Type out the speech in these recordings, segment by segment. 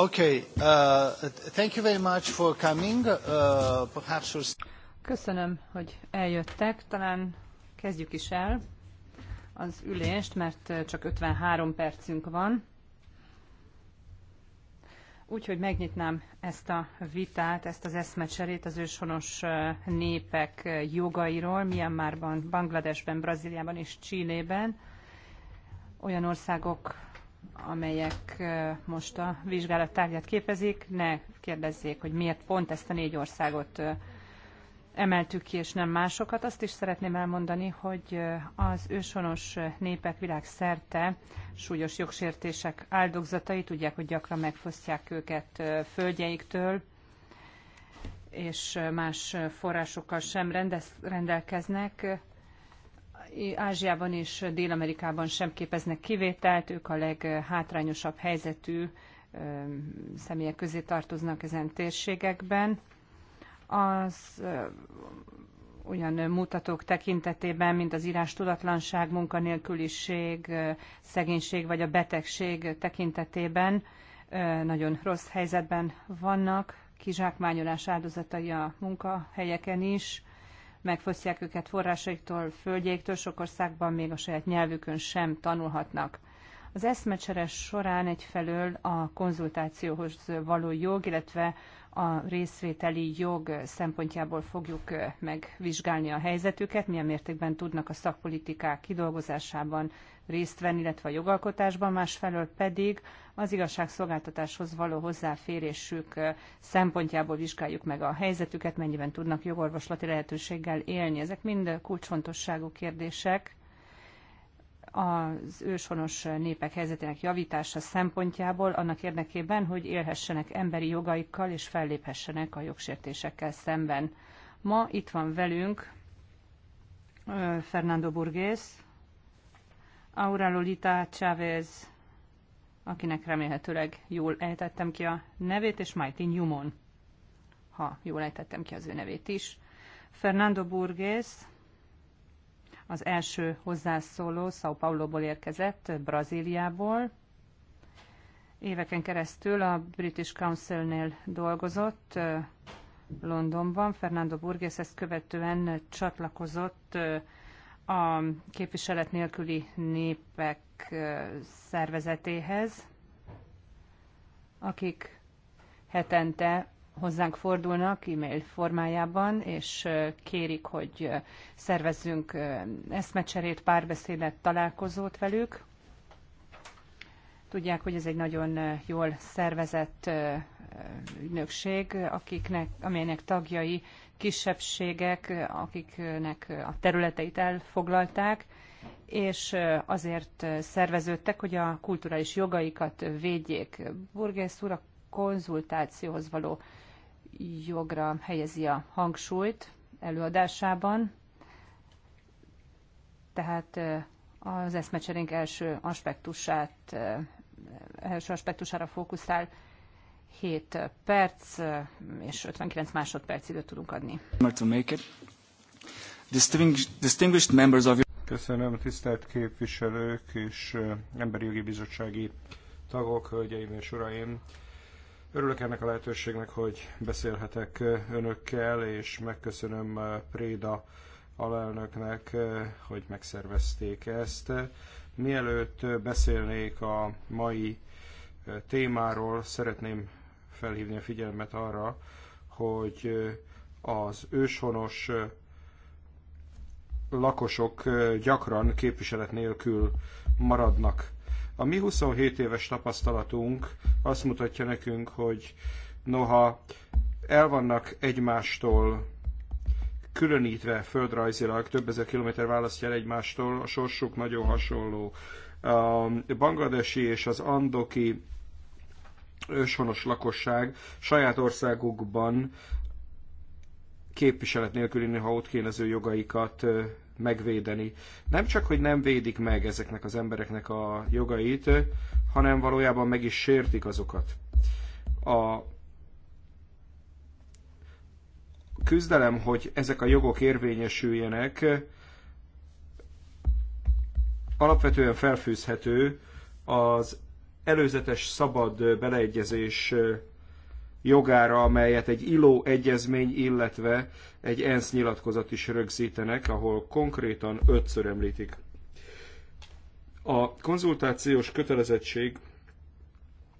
Okay, uh, thank you very much for coming. Uh, perhaps we'll... Köszönöm, hogy eljöttek. Talán kezdjük is el az ülést, mert uh, csak 53 percünk van. Úgyhogy megnyitnám ezt a vitát, ezt az eszmecserét az őshonos uh, népek uh, jogairól, Myanmarban, Bangladesben, Brazíliában és Csillében. Olyan országok amelyek most a vizsgálat tárgyát képezik, ne kérdezzék, hogy miért pont ezt a négy országot emeltük ki, és nem másokat. Azt is szeretném elmondani, hogy az ősonos népek világszerte súlyos jogsértések áldozatai, tudják, hogy gyakran megfosztják őket földjeiktől, és más forrásokkal sem rendelkeznek. Ázsiában és Dél-Amerikában sem képeznek kivételt, ők a leghátrányosabb helyzetű személyek közé tartoznak ezen térségekben. Az olyan mutatók tekintetében, mint az írás tudatlanság, munkanélküliség, szegénység vagy a betegség tekintetében nagyon rossz helyzetben vannak, kizsákmányolás áldozatai a munkahelyeken is, megfosztják őket forrásaiktól, földjeiktől, sok országban még a saját nyelvükön sem tanulhatnak. Az eszmecsere során egyfelől a konzultációhoz való jog, illetve a részvételi jog szempontjából fogjuk megvizsgálni a helyzetüket, milyen mértékben tudnak a szakpolitikák kidolgozásában részt venni, illetve a jogalkotásban, másfelől pedig az igazságszolgáltatáshoz való hozzáférésük szempontjából vizsgáljuk meg a helyzetüket, mennyiben tudnak jogorvoslati lehetőséggel élni. Ezek mind kulcsfontosságú kérdések az őshonos népek helyzetének javítása szempontjából annak érdekében, hogy élhessenek emberi jogaikkal és felléphessenek a jogsértésekkel szemben. Ma itt van velünk Fernando Burgés, Aura Lolita Chávez, akinek remélhetőleg jól ejtettem ki a nevét, és Mighty Newman, ha jól ejtettem ki az ő nevét is. Fernando Burgés, az első hozzászóló São Paulo-ból érkezett, Brazíliából. Éveken keresztül a British Council-nél dolgozott Londonban. Fernando Burgess ezt követően csatlakozott a képviselet nélküli népek szervezetéhez, akik hetente hozzánk fordulnak e-mail formájában, és kérik, hogy szervezzünk eszmecserét, párbeszédet, találkozót velük. Tudják, hogy ez egy nagyon jól szervezett ügynökség, akiknek, amelynek tagjai kisebbségek, akiknek a területeit elfoglalták, és azért szerveződtek, hogy a kulturális jogaikat védjék. Burgész úr a konzultációhoz való jogra helyezi a hangsúlyt előadásában, tehát az eszmecserénk első aspektusát, első aspektusára fókuszál, 7 perc és 59 másodperc időt tudunk adni. Distinguished members of Köszönöm, tisztelt képviselők és emberi jogi bizottsági tagok, hölgyeim és uraim! Örülök ennek a lehetőségnek, hogy beszélhetek önökkel, és megköszönöm eh, Préda alelnöknek, eh, hogy megszervezték ezt. Mielőtt beszélnék a mai eh, témáról, szeretném felhívni a figyelmet arra, hogy az őshonos lakosok gyakran képviselet nélkül maradnak a mi 27 éves tapasztalatunk azt mutatja nekünk, hogy noha el vannak egymástól különítve földrajzilag, több ezer kilométer választja el egymástól, a sorsuk nagyon hasonló. A bangladesi és az andoki őshonos lakosság saját országukban képviselet nélkül inni, ha ott kéne az ő jogaikat megvédeni. Nem csak, hogy nem védik meg ezeknek az embereknek a jogait, hanem valójában meg is sértik azokat. A küzdelem, hogy ezek a jogok érvényesüljenek, alapvetően felfűzhető az előzetes szabad beleegyezés jogára, amelyet egy ILO egyezmény, illetve egy ENSZ nyilatkozat is rögzítenek, ahol konkrétan ötször említik. A konzultációs kötelezettség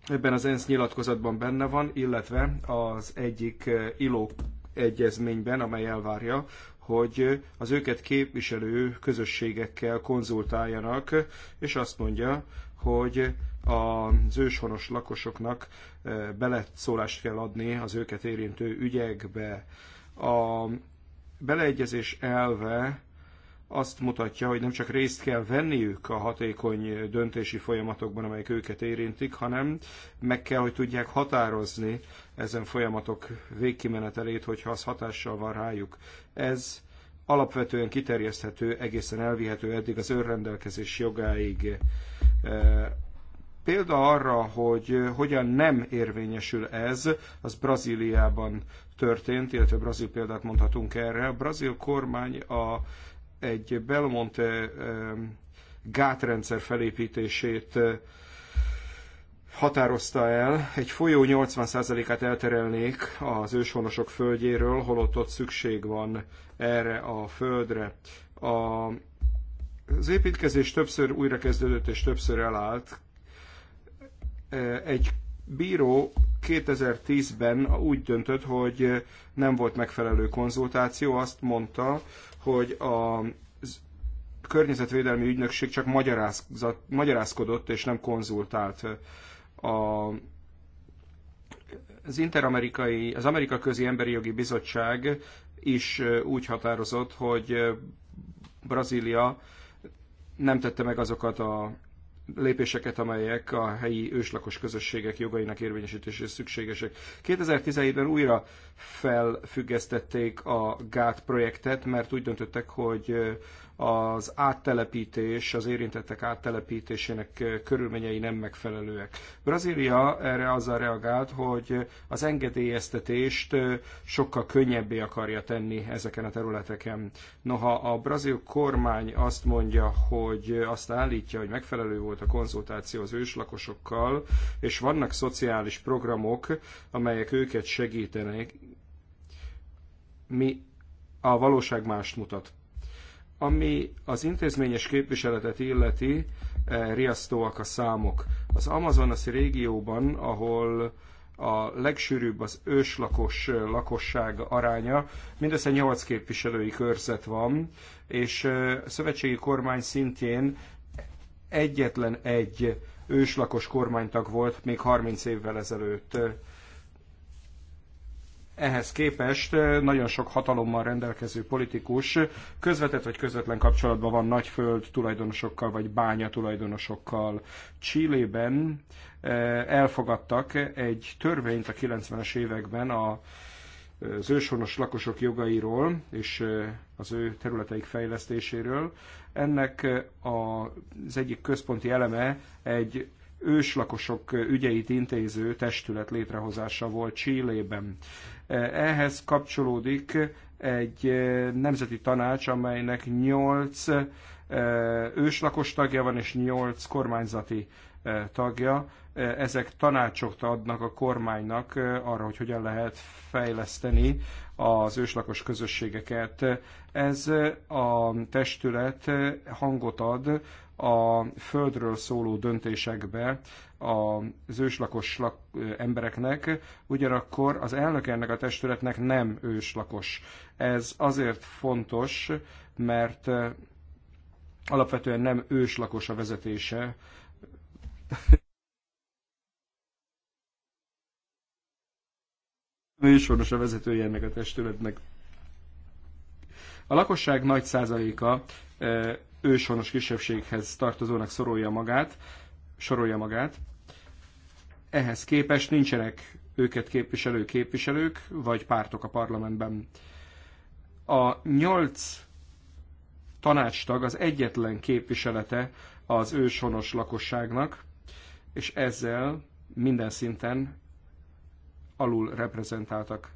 ebben az ENSZ nyilatkozatban benne van, illetve az egyik eh, ILO egyezményben, amely elvárja, hogy az őket képviselő közösségekkel konzultáljanak, és azt mondja, hogy az őshonos lakosoknak eh, beleszólást kell adni az őket érintő ügyekbe. A beleegyezés elve azt mutatja, hogy nem csak részt kell venniük a hatékony döntési folyamatokban, amelyek őket érintik, hanem meg kell, hogy tudják határozni ezen folyamatok végkimenetelét, hogyha az hatással van rájuk. Ez alapvetően kiterjeszthető, egészen elvihető eddig az önrendelkezés jogáig. Eh, Példa arra, hogy eh, hogyan nem érvényesül ez, az Brazíliában történt, illetve brazil példát mondhatunk erre. A brazil kormány a, egy Belmonte gátrendszer felépítését eh, határozta el, egy folyó 80%-át elterelnék az őshonosok földjéről, holott ott szükség van erre a földre. A, az építkezés többször újrakezdődött és többször elállt, egy bíró 2010-ben úgy döntött, hogy nem volt megfelelő konzultáció, azt mondta, hogy a környezetvédelmi ügynökség csak magyarázkodott és nem konzultált. A, az interamerikai, az Amerika Közi Emberi Jogi Bizottság is úgy határozott, hogy Brazília nem tette meg azokat a lépéseket, amelyek a helyi őslakos közösségek jogainak érvényesítéséhez szükségesek. 2017-ben újra felfüggesztették a GÁT projektet, mert úgy döntöttek, hogy az áttelepítés, az érintettek áttelepítésének eh, körülményei nem megfelelőek. Brazília erre azzal reagált, hogy az engedélyeztetést eh, sokkal könnyebbé akarja tenni ezeken a területeken. Noha a brazil kormány azt mondja, hogy azt állítja, hogy megfelelő volt a konzultáció az őslakosokkal, és vannak szociális programok, amelyek őket segítenek, mi a valóság mást mutat. Ami az intézményes képviseletet illeti, eh, riasztóak a számok. Az Amazonasi régióban, ahol a legsűrűbb az őslakos eh, lakosság aránya, mindössze 8 képviselői körzet van, és eh, a szövetségi kormány szintjén egyetlen egy őslakos kormánytag volt még 30 évvel ezelőtt. Ehhez képest eh, nagyon sok hatalommal rendelkező politikus közvetett vagy közvetlen kapcsolatban van nagyföld tulajdonosokkal vagy bánya tulajdonosokkal. Csillében eh, elfogadtak egy törvényt a 90-es években a eh, az őshonos lakosok jogairól és az ő területeik fejlesztéséről. Ennek az egyik központi eleme egy őslakosok ügyeit intéző testület létrehozása volt Csillében. Ehhez kapcsolódik egy nemzeti tanács, amelynek 8 eh, őslakos tagja van és 8 kormányzati eh, tagja. Eh, ezek tanácsokat adnak a kormánynak arra, hogy hogyan lehet fejleszteni az őslakos közösségeket. Ez a testület hangot ad a földről szóló döntésekbe az őslakos lak, embereknek, ugyanakkor az elnök ennek a testületnek nem őslakos. Ez azért fontos, mert alapvetően nem őslakos a vezetése. Műsoros a vezetője ennek a testületnek. A lakosság nagy százaléka őshonos kisebbséghez tartozónak sorolja magát, sorolja magát. Ehhez képest nincsenek őket képviselő képviselők, vagy pártok a parlamentben. A nyolc tanácstag az egyetlen képviselete az őshonos lakosságnak, és ezzel minden szinten alul reprezentáltak.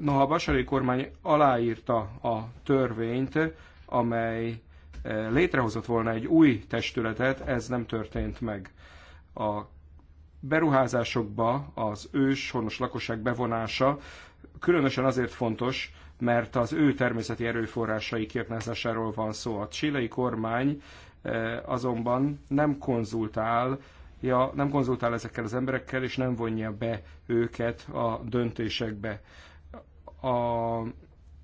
Noha a Basari kormány aláírta a törvényt, amely eh, létrehozott volna egy új testületet, ez nem történt meg. A beruházásokba az őshonos lakosság bevonása különösen azért fontos, mert az ő természeti erőforrásai kiaknázásáról van szó. A csilei kormány eh, azonban nem konzultál, ja, nem konzultál ezekkel az emberekkel, és nem vonja be őket a döntésekbe. A,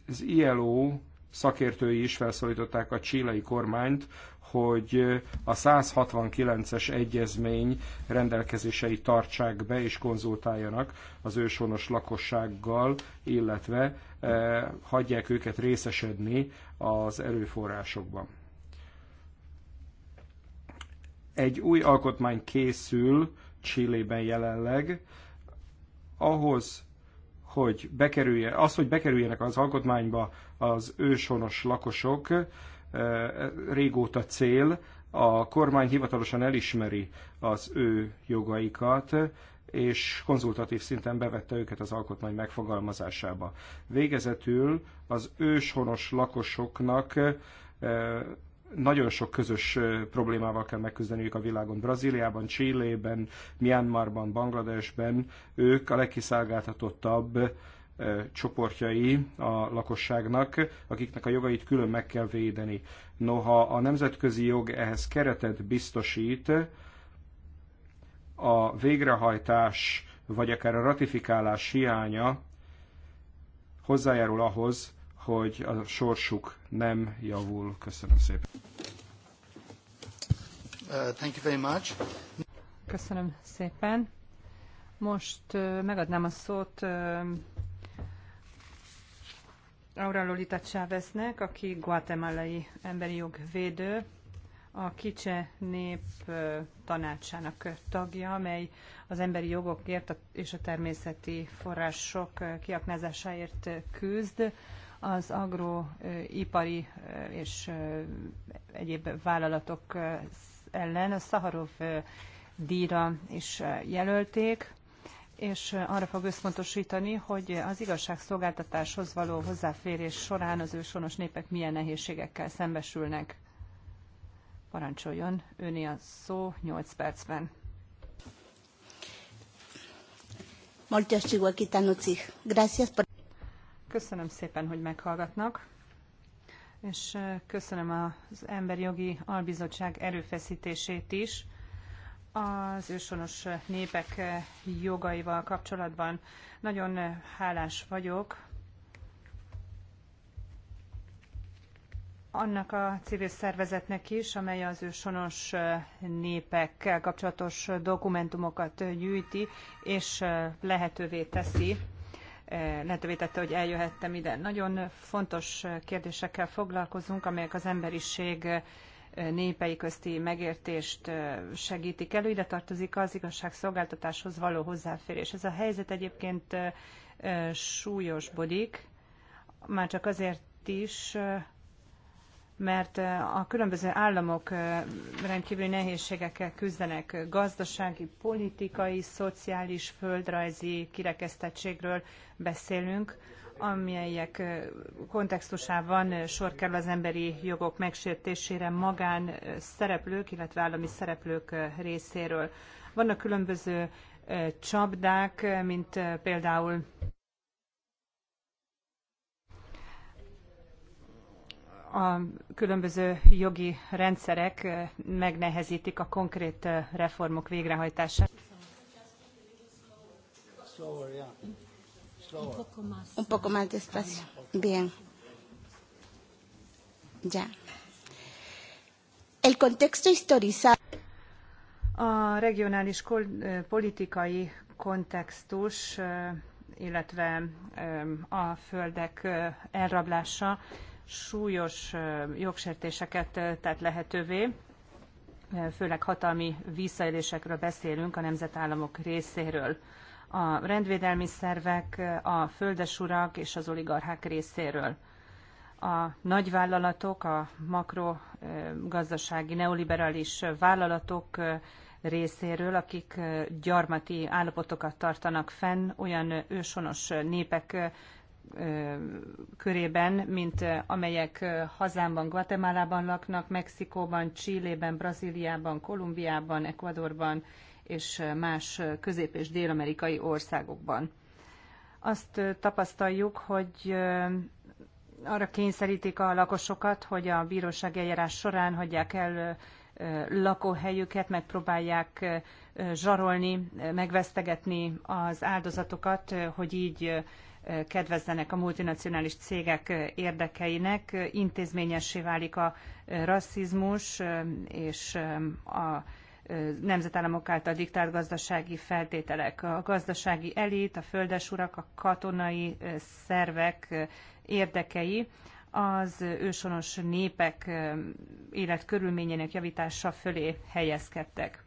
az ILO szakértői is felszólították a csílei kormányt, hogy a 169-es egyezmény rendelkezései tartsák be és konzultáljanak az őshonos lakossággal, illetve eh, hagyják őket részesedni az erőforrásokban. Egy új alkotmány készül Csillében jelenleg, ahhoz, hogy bekerülje, az, hogy bekerüljenek az alkotmányba az őshonos lakosok e, régóta cél, a kormány hivatalosan elismeri az ő jogaikat, és konzultatív szinten bevette őket az alkotmány megfogalmazásába. Végezetül az őshonos lakosoknak e, nagyon sok közös e, problémával kell megküzdeniük a világon. Brazíliában, Csillében, Myanmarban, Bangladesben ők a legkiszolgáltatottabb csoportjai a lakosságnak, akiknek a jogait külön meg kell védeni. Noha a nemzetközi jog ehhez keretet biztosít, a végrehajtás vagy akár a ratifikálás hiánya hozzájárul ahhoz, hogy a sorsuk nem javul. Köszönöm szépen. Uh, thank you very much. Köszönöm szépen. Most megadnám a szót Aura Lolita Cháveznek, aki guatemalai emberi jogvédő, a Kicse Nép Tanácsának tagja, amely az emberi jogokért és a természeti források kiaknázásáért küzd. Az agroipari és egyéb vállalatok ellen a Szaharov díjra is jelölték és arra fog összpontosítani, hogy az igazságszolgáltatáshoz való hozzáférés során az őshonos népek milyen nehézségekkel szembesülnek. Parancsoljon, őni a szó 8 percben. Köszönöm szépen, hogy meghallgatnak, és eh, köszönöm az Emberi Jogi Albizottság erőfeszítését is, az őshonos népek jogaival kapcsolatban. Nagyon hálás vagyok annak a civil szervezetnek is, amely az őshonos népekkel kapcsolatos dokumentumokat gyűjti, és lehetővé teszi, lehetővé tette, hogy eljöhettem ide. Nagyon fontos kérdésekkel foglalkozunk, amelyek az emberiség népei közti megértést segítik elő, ide tartozik az igazságszolgáltatáshoz való hozzáférés. Ez a helyzet egyébként súlyosbodik, már csak azért is, mert a különböző államok rendkívüli nehézségekkel küzdenek gazdasági, politikai, szociális, földrajzi kirekesztettségről beszélünk, amelyek kontextusában sor kerül az emberi jogok megsértésére magán szereplők, illetve állami szereplők részéről. Vannak különböző csapdák, mint például a különböző jogi rendszerek megnehezítik a konkrét reformok végrehajtását. Slower, yeah. Un poco más. despacio. Bien. Ya. El contexto historizado. A regionális politikai kontextus, illetve a földek elrablása súlyos jogsértéseket tett lehetővé, főleg hatalmi visszaélésekről beszélünk a nemzetállamok részéről a rendvédelmi szervek, a földesurak és az oligarchák részéről. A nagyvállalatok, a makrogazdasági neoliberális vállalatok részéről, akik gyarmati állapotokat tartanak fenn, olyan ősonos népek körében, mint amelyek hazámban, Guatemalában laknak, Mexikóban, Csillében, Brazíliában, Kolumbiában, Ecuadorban és más közép- és dél-amerikai országokban. Azt tapasztaljuk, hogy arra kényszerítik a lakosokat, hogy a bíróság eljárás során hagyják el lakóhelyüket, megpróbálják zsarolni, megvesztegetni az áldozatokat, hogy így kedvezzenek a multinacionális cégek érdekeinek, intézményessé válik a rasszizmus és a nemzetállamok által diktált gazdasági feltételek. A gazdasági elit, a urak, a katonai szervek érdekei az ősonos népek életkörülményének javítása fölé helyezkedtek.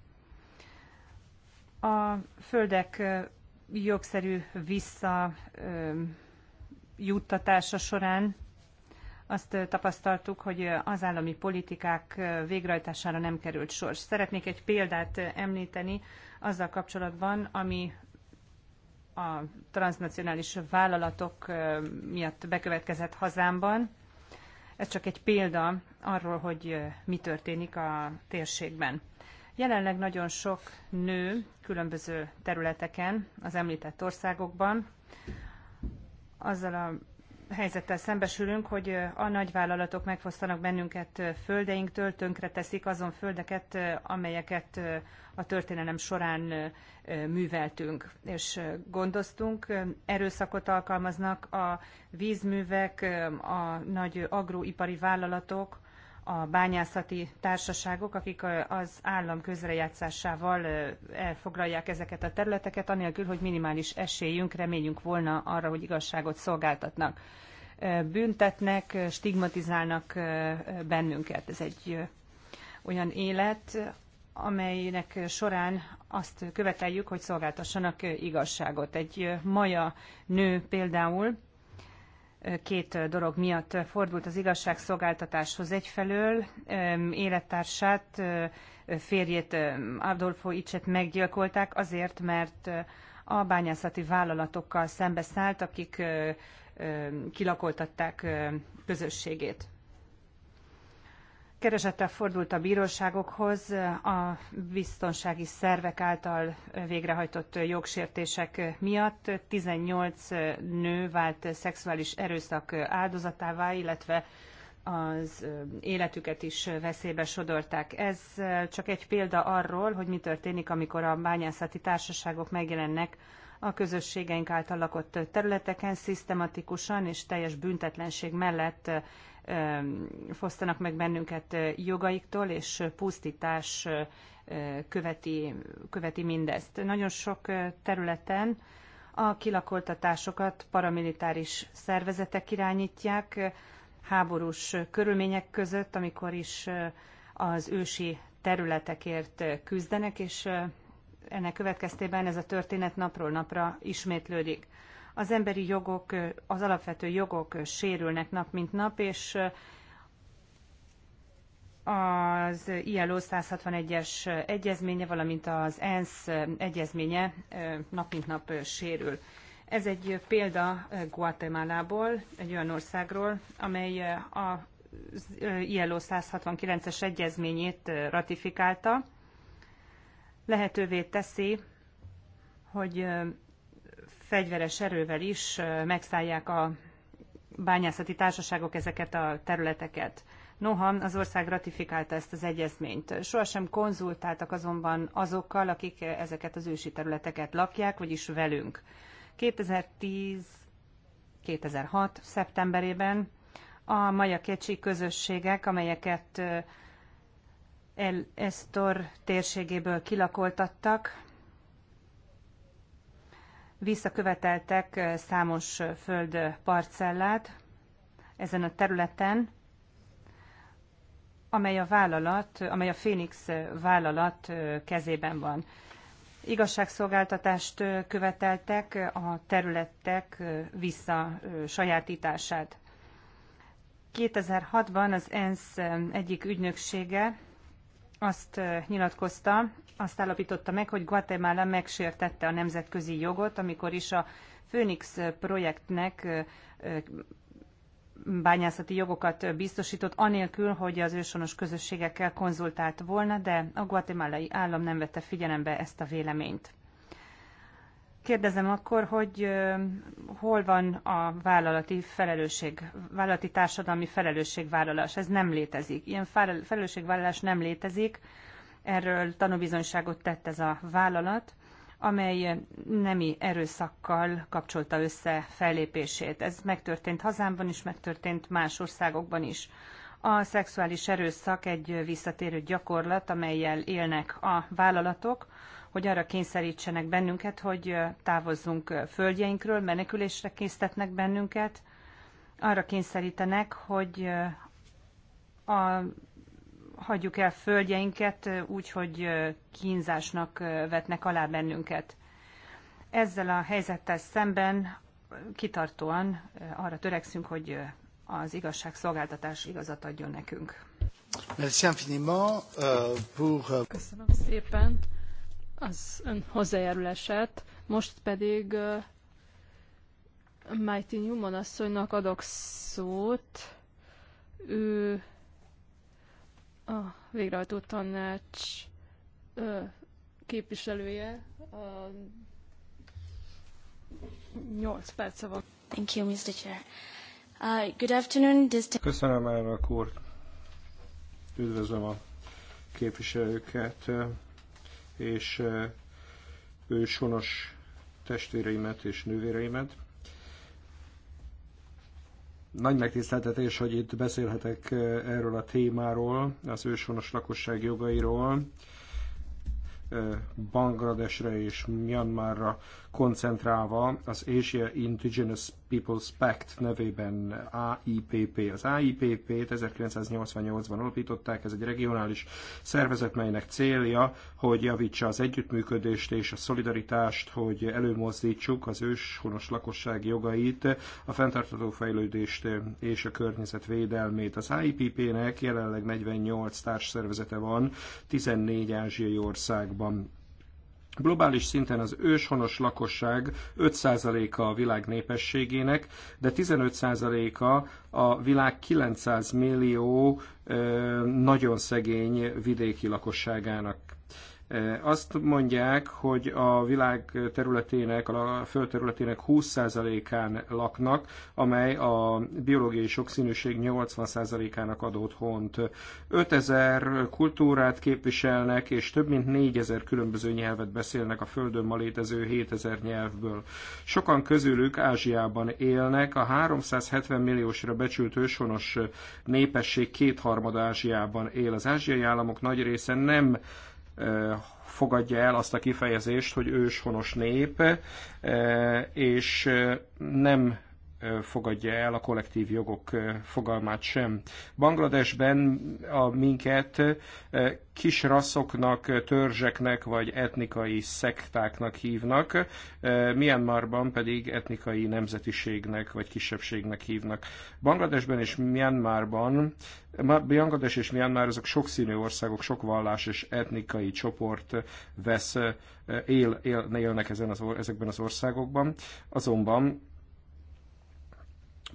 A földek jogszerű visszajuttatása során azt tapasztaltuk, hogy az állami politikák végrehajtására nem került sor. Szeretnék egy példát említeni azzal kapcsolatban, ami a transnacionális vállalatok miatt bekövetkezett hazámban. Ez csak egy példa arról, hogy mi történik a térségben. Jelenleg nagyon sok nő különböző területeken, az említett országokban, azzal a helyzettel szembesülünk, hogy a nagyvállalatok megfosztanak bennünket földeinktől, tönkreteszik teszik azon földeket, amelyeket a történelem során műveltünk és gondoztunk. Erőszakot alkalmaznak a vízművek, a nagy agroipari vállalatok, a bányászati társaságok, akik az állam közrejátszásával elfoglalják ezeket a területeket, anélkül, hogy minimális esélyünk, reményünk volna arra, hogy igazságot szolgáltatnak. Büntetnek, stigmatizálnak bennünket. Ez egy olyan élet, amelynek során azt követeljük, hogy szolgáltassanak igazságot. Egy maja nő például két dolog miatt fordult az igazságszolgáltatáshoz egyfelől, élettársát, férjét Adolfo Icset meggyilkolták azért, mert a bányászati vállalatokkal szembeszállt, akik kilakoltatták közösségét keresettel fordult a bíróságokhoz a biztonsági szervek által végrehajtott jogsértések miatt. 18 nő vált szexuális erőszak áldozatává, illetve az életüket is veszélybe sodorták. Ez csak egy példa arról, hogy mi történik, amikor a bányászati társaságok megjelennek a közösségeink által lakott területeken szisztematikusan és teljes büntetlenség mellett fosztanak meg bennünket jogaiktól, és pusztítás követi, követi mindezt. Nagyon sok területen a kilakoltatásokat paramilitáris szervezetek irányítják, háborús körülmények között, amikor is az ősi területekért küzdenek, és ennek következtében ez a történet napról napra ismétlődik az emberi jogok, az alapvető jogok sérülnek nap mint nap, és az ILO 161-es egyezménye, valamint az ENSZ egyezménye nap mint nap sérül. Ez egy példa Guatemalából, egy olyan országról, amely a ILO 169-es egyezményét ratifikálta. Lehetővé teszi, hogy fegyveres erővel is megszállják a bányászati társaságok ezeket a területeket. Noha az ország ratifikálta ezt az egyezményt. Sohasem konzultáltak azonban azokkal, akik ezeket az ősi területeket lakják, vagyis velünk. 2010-2006. szeptemberében a maja kecsi közösségek, amelyeket El Estor térségéből kilakoltattak, visszaköveteltek számos föld parcellát ezen a területen, amely a vállalat, amely a Phoenix vállalat kezében van. Igazságszolgáltatást követeltek a területek visszasajátítását. 2006-ban az ENSZ egyik ügynöksége azt nyilatkozta, azt állapította meg, hogy Guatemala megsértette a nemzetközi jogot, amikor is a Phoenix projektnek bányászati jogokat biztosított, anélkül, hogy az őshonos közösségekkel konzultált volna, de a guatemalai állam nem vette figyelembe ezt a véleményt. Kérdezem akkor, hogy hol van a vállalati felelősség, vállalati társadalmi felelősségvállalás? Ez nem létezik. Ilyen felelősségvállalás nem létezik. Erről tanúbizonyságot tett ez a vállalat, amely nemi erőszakkal kapcsolta össze fellépését. Ez megtörtént hazámban is, megtörtént más országokban is. A szexuális erőszak egy visszatérő gyakorlat, amelyel élnek a vállalatok, hogy arra kényszerítsenek bennünket, hogy távozzunk földjeinkről, menekülésre késztetnek bennünket, arra kényszerítenek, hogy a, hagyjuk el földjeinket úgy, hogy kínzásnak vetnek alá bennünket. Ezzel a helyzettel szemben kitartóan arra törekszünk, hogy az igazságszolgáltatás igazat adjon nekünk. Euh, euh, Köszönöm szépen az ön hozzájárulását. Most pedig uh, Mighty Newman asszonynak adok szót. Ő a végrehajtó tanács uh, képviselője. Uh, 8 perc van. Thank you, Mr. Chair. Uh, good afternoon. This Köszönöm, elnök úr. Üdvözlöm a képviselőket és őshonos testvéreimet és nővéreimet. Nagy megtiszteltetés, hogy itt beszélhetek erről a témáról, az ősonos lakosság jogairól. Bangladesre és Myanmarra koncentrálva az Asia Indigenous Peoples Pact nevében AIPP. Az AIPP-t 1988-ban alapították, ez egy regionális szervezet, melynek célja, hogy javítsa az együttműködést és a szolidaritást, hogy előmozdítsuk az őshonos lakosság jogait, a fenntartható fejlődést és a környezet védelmét. Az AIPP-nek jelenleg 48 társszervezete van, 14 ázsiai országban Globális szinten az őshonos lakosság 5%-a a világ népességének, de 15%-a a világ 900 millió nagyon szegény vidéki lakosságának. Azt mondják, hogy a világ területének, a föld területének 20%-án laknak, amely a biológiai sokszínűség 80%-ának adott hont. 5000 kultúrát képviselnek, és több mint 4000 különböző nyelvet beszélnek a földön ma létező 7000 nyelvből. Sokan közülük Ázsiában élnek, a 370 milliósra becsült őshonos népesség kétharmada Ázsiában él. Az ázsiai államok nagy része nem fogadja el azt a kifejezést, hogy őshonos nép, és nem fogadja el a kollektív jogok fogalmát sem. Bangladesben a minket kis rasszoknak, törzseknek vagy etnikai szektáknak hívnak, Myanmarban pedig etnikai nemzetiségnek vagy kisebbségnek hívnak. Bangladesben és Myanmarban Bangladesh és Myanmar azok sokszínű országok, sok vallás és etnikai csoport vesz, él, él, élnek ezen az, ezekben az országokban. Azonban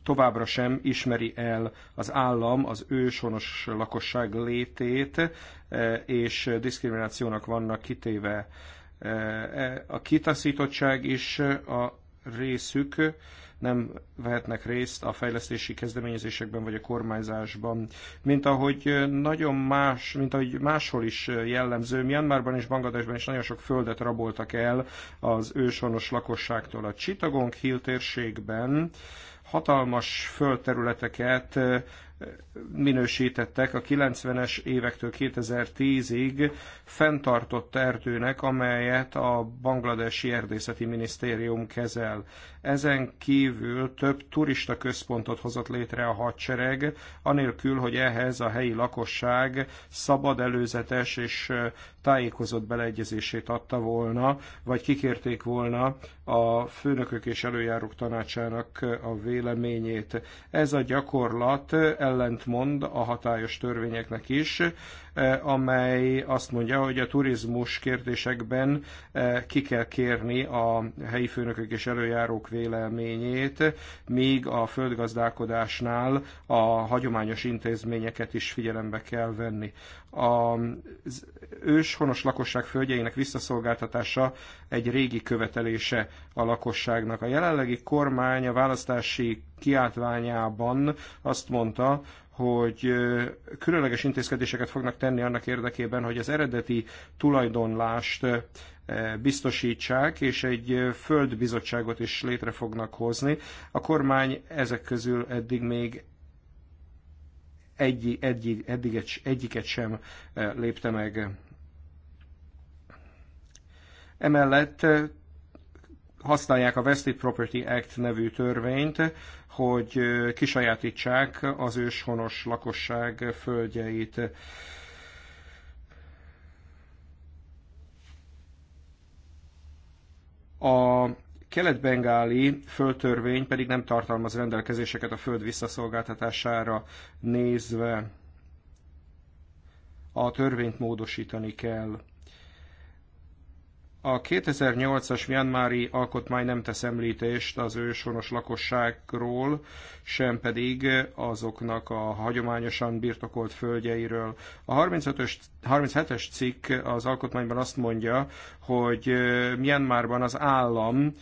továbbra sem ismeri el az állam az őshonos lakosság létét, e, és diszkriminációnak vannak kitéve. E, e, a kitaszítottság is a részük, nem vehetnek részt a fejlesztési kezdeményezésekben vagy a kormányzásban. Mint ahogy nagyon más, mint ahogy máshol is jellemző, Myanmarban és Bangladesben is nagyon sok földet raboltak el az őshonos lakosságtól. A Csitagong Hill térségben hatalmas földterületeket minősítettek a 90-es évektől 2010-ig fenntartott erdőnek, amelyet a Bangladesi Erdészeti Minisztérium kezel. Ezen kívül több turista központot hozott létre a hadsereg, anélkül, hogy ehhez a helyi lakosság szabad, előzetes és tájékozott beleegyezését adta volna, vagy kikérték volna a főnökök és előjárók tanácsának a véleményét. Ez a gyakorlat el mond a hatályos törvényeknek is, eh, amely azt mondja, hogy a turizmus kérdésekben eh, ki kell kérni a helyi főnökök és előjárók véleményét, míg a földgazdálkodásnál a hagyományos intézményeket is figyelembe kell venni. A őshonos lakosság földjeinek visszaszolgáltatása egy régi követelése a lakosságnak. A jelenlegi kormány a választási kiáltványában azt mondta, hogy különleges intézkedéseket fognak tenni annak érdekében, hogy az eredeti tulajdonlást biztosítsák, és egy földbizottságot is létre fognak hozni. A kormány ezek közül eddig még egy, egy, eddig, egyiket sem lépte meg. Emellett használják a Vested Property Act nevű törvényt, hogy kisajátítsák az őshonos lakosság földjeit. A kelet-bengáli földtörvény pedig nem tartalmaz rendelkezéseket a föld visszaszolgáltatására nézve. A törvényt módosítani kell. A 2008-as Myanmari alkotmány nem tesz említést az őshonos lakosságról, sem pedig azoknak a hagyományosan birtokolt földjeiről. A 35 37-es cikk az alkotmányban azt mondja, hogy Myanmarban az állam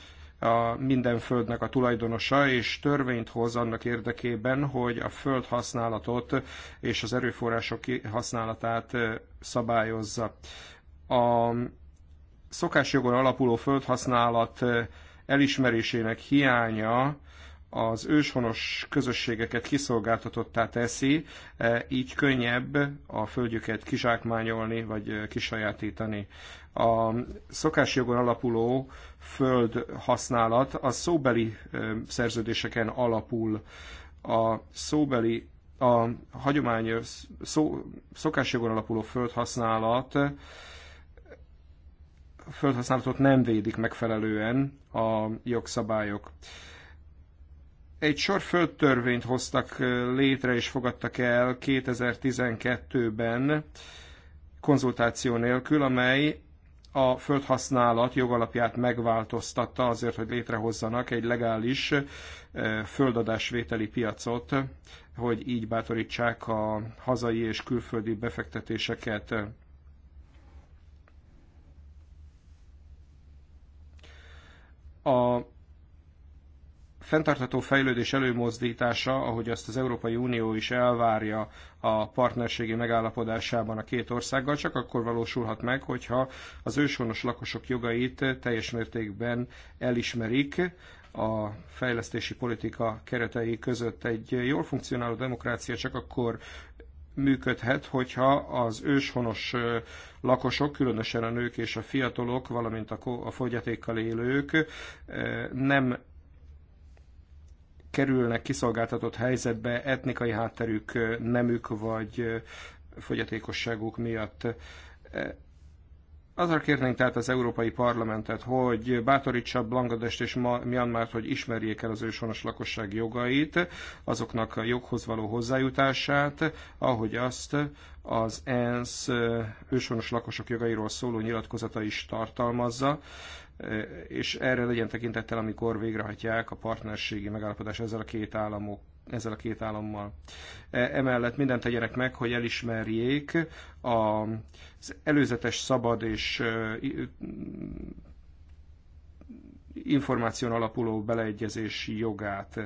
a minden földnek a tulajdonosa, és törvényt hoz annak érdekében, hogy a föld használatot és az erőforrások használatát szabályozza. A szokásjogon alapuló földhasználat elismerésének hiánya az őshonos közösségeket kiszolgáltatottá teszi, így könnyebb a földjüket kizsákmányolni vagy kisajátítani. A szokásjogon alapuló földhasználat a szóbeli szerződéseken alapul. A szóbeli a hagyományos szó, szokásjogon alapuló földhasználat földhasználatot nem védik megfelelően a jogszabályok. Egy sor földtörvényt hoztak létre és fogadtak el 2012-ben konzultáció nélkül, amely a földhasználat jogalapját megváltoztatta azért, hogy létrehozzanak egy legális földadásvételi piacot, hogy így bátorítsák a hazai és külföldi befektetéseket. A fenntartható fejlődés előmozdítása, ahogy azt az Európai Unió is elvárja a partnerségi megállapodásában a két országgal, csak akkor valósulhat meg, hogyha az őshonos lakosok jogait teljes mértékben elismerik, a fejlesztési politika keretei között egy jól funkcionáló demokrácia csak akkor működhet, hogyha az őshonos lakosok, különösen a nők és a fiatalok, valamint a fogyatékkal élők nem kerülnek kiszolgáltatott helyzetbe etnikai hátterük, nemük vagy fogyatékosságuk miatt. Azra kérnénk tehát az Európai Parlamentet, hogy bátorítsa Bangladest és Myanmart, hogy ismerjék el az őshonos lakosság jogait, azoknak a joghoz való hozzájutását, ahogy azt az ENSZ őshonos lakosok jogairól szóló nyilatkozata is tartalmazza, és erre legyen tekintettel, amikor végrehajtják a partnerségi megállapodás ezzel a két államok ezzel a két állammal. E, emellett mindent tegyenek meg, hogy elismerjék az előzetes szabad és e, információn alapuló beleegyezési jogát.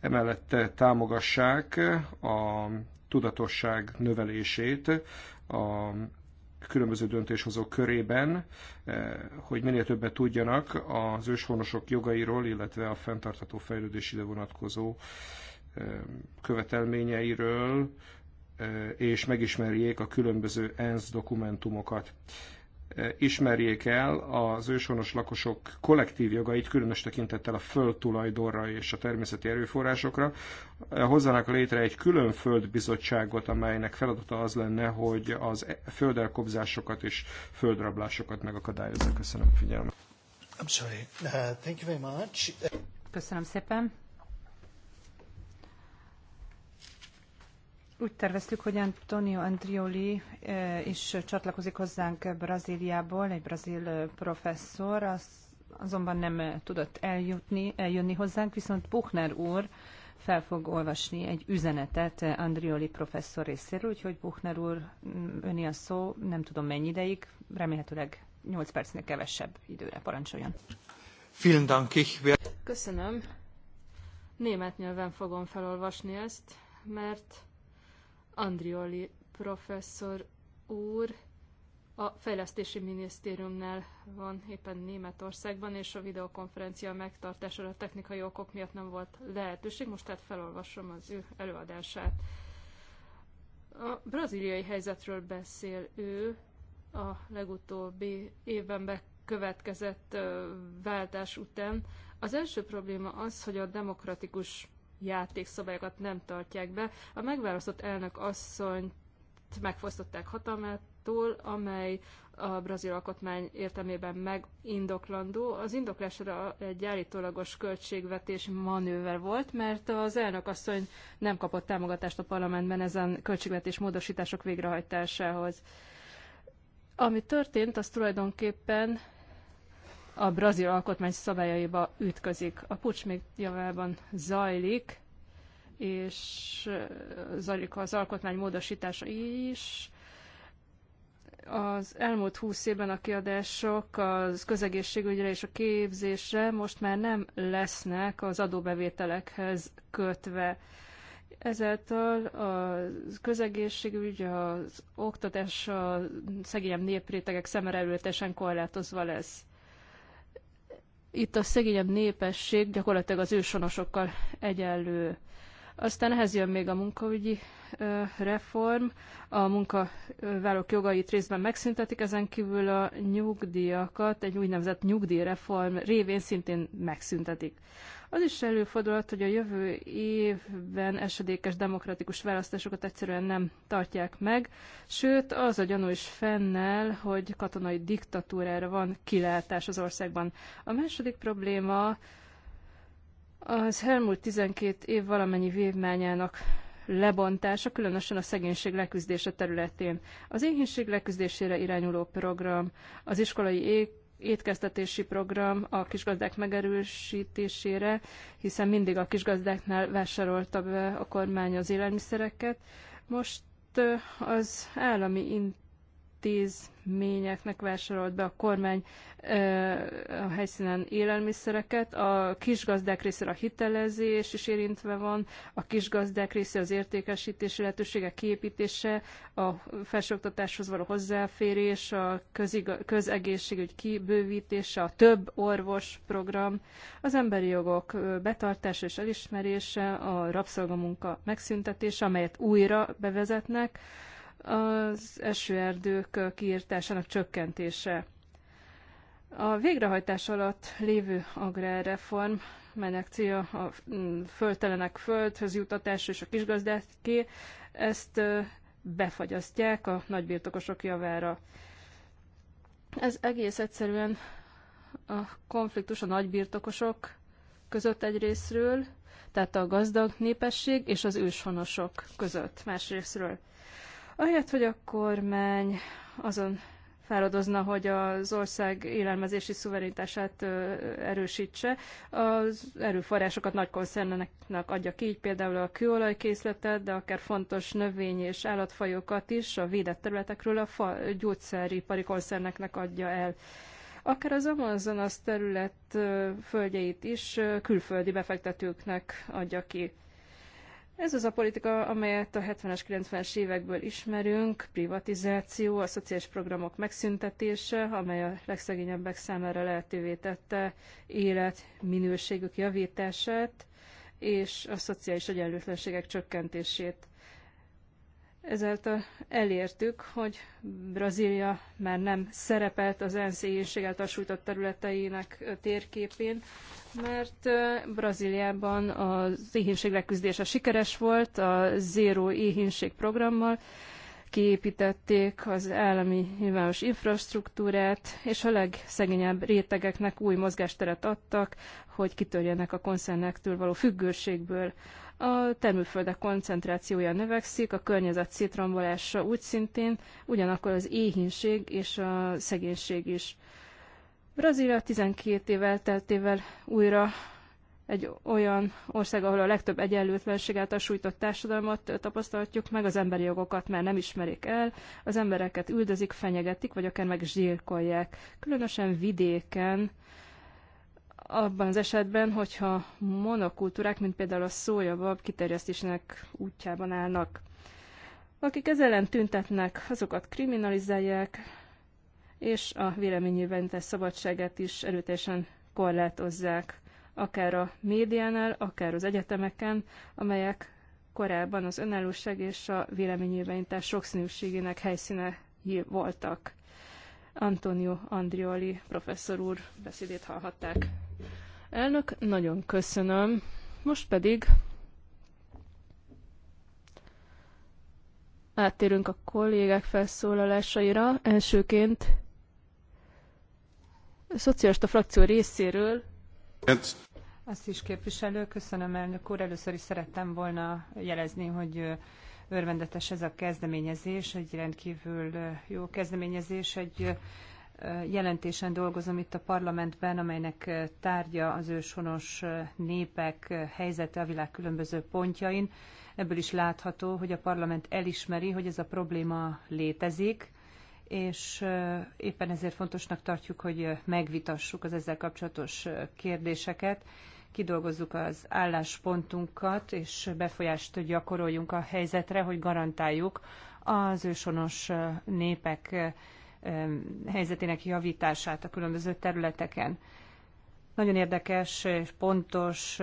Emellett támogassák a tudatosság növelését a különböző döntéshozók körében, eh, hogy minél többet tudjanak az őshonosok jogairól, illetve a fenntartató fejlődés ide vonatkozó eh, követelményeiről, eh, és megismerjék a különböző ENSZ dokumentumokat ismerjék el az őshonos lakosok kollektív jogait, különös tekintettel a földtulajdonra és a természeti erőforrásokra. Hozzanak létre egy külön földbizottságot, amelynek feladata az lenne, hogy az e- földelkobzásokat és földrablásokat megakadályozzák. Köszönöm a figyelmet. I'm sorry. Uh, thank you very much. Köszönöm szépen. úgy terveztük, hogy Antonio Andrioli eh, is csatlakozik hozzánk Brazíliából, egy brazil eh, professzor, az, azonban nem eh, tudott eljutni, eljönni hozzánk, viszont Buchner úr fel fog olvasni egy üzenetet Andrioli professzor részéről, úgyhogy Buchner úr, mm, öni a szó, nem tudom mennyi ideig, remélhetőleg 8 percnél kevesebb időre parancsoljon. Köszönöm. Német nyelven fogom felolvasni ezt, mert Andrioli professzor úr a fejlesztési minisztériumnál van éppen Németországban, és a videokonferencia megtartására a technikai okok miatt nem volt lehetőség. Most tehát felolvasom az ő előadását. A braziliai helyzetről beszél ő, a legutóbbi évben bekövetkezett váltás után. Az első probléma az, hogy a demokratikus játékszabályokat nem tartják be. A megválasztott elnök asszonyt megfosztották hatalmától, amely a brazil alkotmány értelmében megindoklandó. Az indoklásra egy állítólagos költségvetési manőver volt, mert az elnök asszony nem kapott támogatást a parlamentben ezen költségvetés módosítások végrehajtásához. Ami történt, az tulajdonképpen a brazil alkotmány szabályaiba ütközik. A pucs még javában zajlik, és zajlik az alkotmány módosítása is. Az elmúlt húsz évben a kiadások az közegészségügyre és a képzésre most már nem lesznek az adóbevételekhez kötve. Ezáltal a közegészségügy, az oktatás a szegényebb néprétegek szemerelőtesen korlátozva lesz. Itt a szegényebb népesség gyakorlatilag az ősonosokkal egyenlő. Aztán ehhez jön még a munkaügyi reform, a munkavállalók jogait részben megszüntetik, ezen kívül a nyugdíjakat egy úgynevezett nyugdíjreform révén szintén megszüntetik. Az is előfordulhat, hogy a jövő évben esedékes demokratikus választásokat egyszerűen nem tartják meg, sőt az a gyanú is fennel, hogy katonai diktatúrára van kilátás az országban. A második probléma az elmúlt 12 év valamennyi vívmányának lebontása, különösen a szegénység leküzdése területén. Az éhénység leküzdésére irányuló program, az iskolai ég étkeztetési program a kisgazdák megerősítésére, hiszen mindig a kisgazdáknál vásárolta be a kormány az élelmiszereket. Most az állami intézmények intézményeknek vásárolt be a kormány a helyszínen élelmiszereket. A kisgazdák részére a hitelezés is érintve van, a kisgazdák része az értékesítési lehetősége kiépítése, a felsőoktatáshoz való hozzáférés, a közig- közegészségügy kibővítése, a több orvos program, az emberi jogok betartása és elismerése, a rabszolgamunka megszüntetése, amelyet újra bevezetnek, az esőerdők kiirtásának csökkentése. A végrehajtás alatt lévő agrárreform, melynek célja a mm, föltelenek földhöz jutatása és a kisgazdáké, ezt befagyasztják a nagybirtokosok javára. Ez egész egyszerűen a konfliktus a nagybirtokosok között egyrésztről, tehát a gazdag népesség és az őshonosok között másrésztről. Ahelyett, hogy a kormány azon fáradozna, hogy az ország élelmezési szuverenitását erősítse. Az erőforrásokat nagy koncerneknek adja ki, így például a kőolajkészletet, de akár fontos növény és állatfajokat is a védett területekről a fa, gyógyszeripari koncerneknek adja el. Akár az Amazonas terület földjeit is külföldi befektetőknek adja ki. Ez az a politika, amelyet a 70-es, 90-es évekből ismerünk, privatizáció, a szociális programok megszüntetése, amely a legszegényebbek számára lehetővé tette élet minőségük javítását és a szociális egyenlőtlenségek csökkentését. Ezáltal elértük, hogy Brazília már nem szerepelt az ENSZ éjjenség sújtott területeinek térképén, mert Brazíliában az éhínség leküzdése sikeres volt, a Zero éhínség programmal kiépítették az állami nyilvános infrastruktúrát, és a legszegényebb rétegeknek új mozgásteret adtak, hogy kitörjenek a koncernektől való függőségből. A termőföldek koncentrációja növekszik, a környezet szétrombolása úgy szintén, ugyanakkor az éhínség és a szegénység is. Brazília 12 év elteltével újra egy olyan ország, ahol a legtöbb egyenlőtlenség által sújtott társadalmat tapasztalhatjuk meg, az emberi jogokat már nem ismerik el, az embereket üldözik, fenyegetik, vagy akár meg zsírkolják. Különösen vidéken abban az esetben, hogyha monokultúrák, mint például a szójabab kiterjesztésnek útjában állnak. Akik ezzel ellen tüntetnek, azokat kriminalizálják, és a véleménynyilvánítás szabadságát is erőteljesen korlátozzák, akár a médiánál, akár az egyetemeken, amelyek korábban az önállóság és a véleménynyilvánítás sokszínűségének helyszíne voltak. Antonio Andrioli professzor úr beszédét hallhatták. Elnök, nagyon köszönöm. Most pedig áttérünk a kollégák felszólalásaira. Elsőként a szocialista frakció részéről. Azt is képviselő, köszönöm elnök úr. Először is szerettem volna jelezni, hogy örvendetes ez a kezdeményezés, egy rendkívül jó kezdeményezés, egy jelentésen dolgozom itt a parlamentben, amelynek tárgya az őshonos népek helyzete a világ különböző pontjain. Ebből is látható, hogy a parlament elismeri, hogy ez a probléma létezik, és éppen ezért fontosnak tartjuk, hogy megvitassuk az ezzel kapcsolatos kérdéseket, kidolgozzuk az álláspontunkat, és befolyást gyakoroljunk a helyzetre, hogy garantáljuk az őshonos népek helyzetének javítását a különböző területeken. Nagyon érdekes és pontos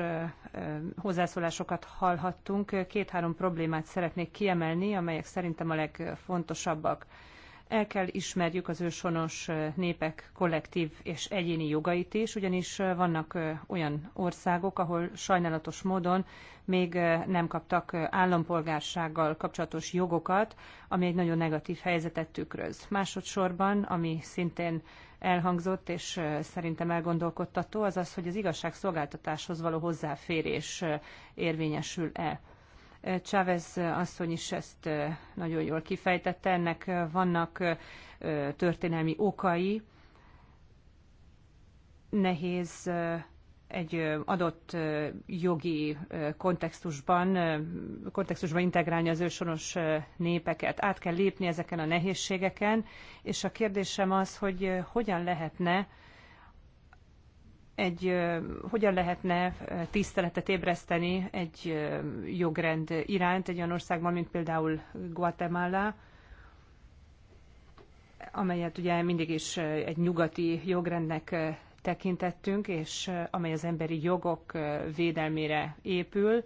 hozzászólásokat hallhattunk. Két-három problémát szeretnék kiemelni, amelyek szerintem a legfontosabbak el kell ismerjük az őshonos népek kollektív és egyéni jogait is, ugyanis vannak olyan országok, ahol sajnálatos módon még nem kaptak állampolgársággal kapcsolatos jogokat, ami egy nagyon negatív helyzetet tükröz. Másodszorban, ami szintén elhangzott és szerintem elgondolkodtató, az az, hogy az igazságszolgáltatáshoz való hozzáférés érvényesül-e Chávez asszony is ezt nagyon jól kifejtette, ennek vannak történelmi okai. Nehéz egy adott jogi kontextusban, kontextusban integrálni az ősoros népeket. Át kell lépni ezeken a nehézségeken, és a kérdésem az, hogy hogyan lehetne egy, hogyan lehetne tiszteletet ébreszteni egy jogrend iránt egy olyan országban, mint például Guatemala, amelyet ugye mindig is egy nyugati jogrendnek tekintettünk, és amely az emberi jogok védelmére épül.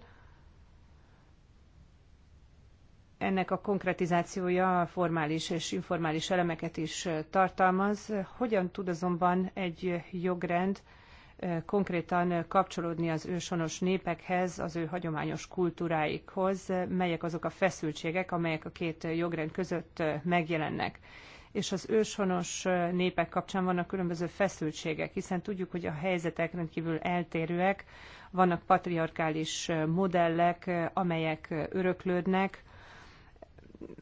Ennek a konkretizációja formális és informális elemeket is tartalmaz. Hogyan tud azonban egy jogrend konkrétan kapcsolódni az őshonos népekhez, az ő hagyományos kultúráikhoz, melyek azok a feszültségek, amelyek a két jogrend között megjelennek. És az őshonos népek kapcsán vannak különböző feszültségek, hiszen tudjuk, hogy a helyzetek rendkívül eltérőek, vannak patriarkális modellek, amelyek öröklődnek,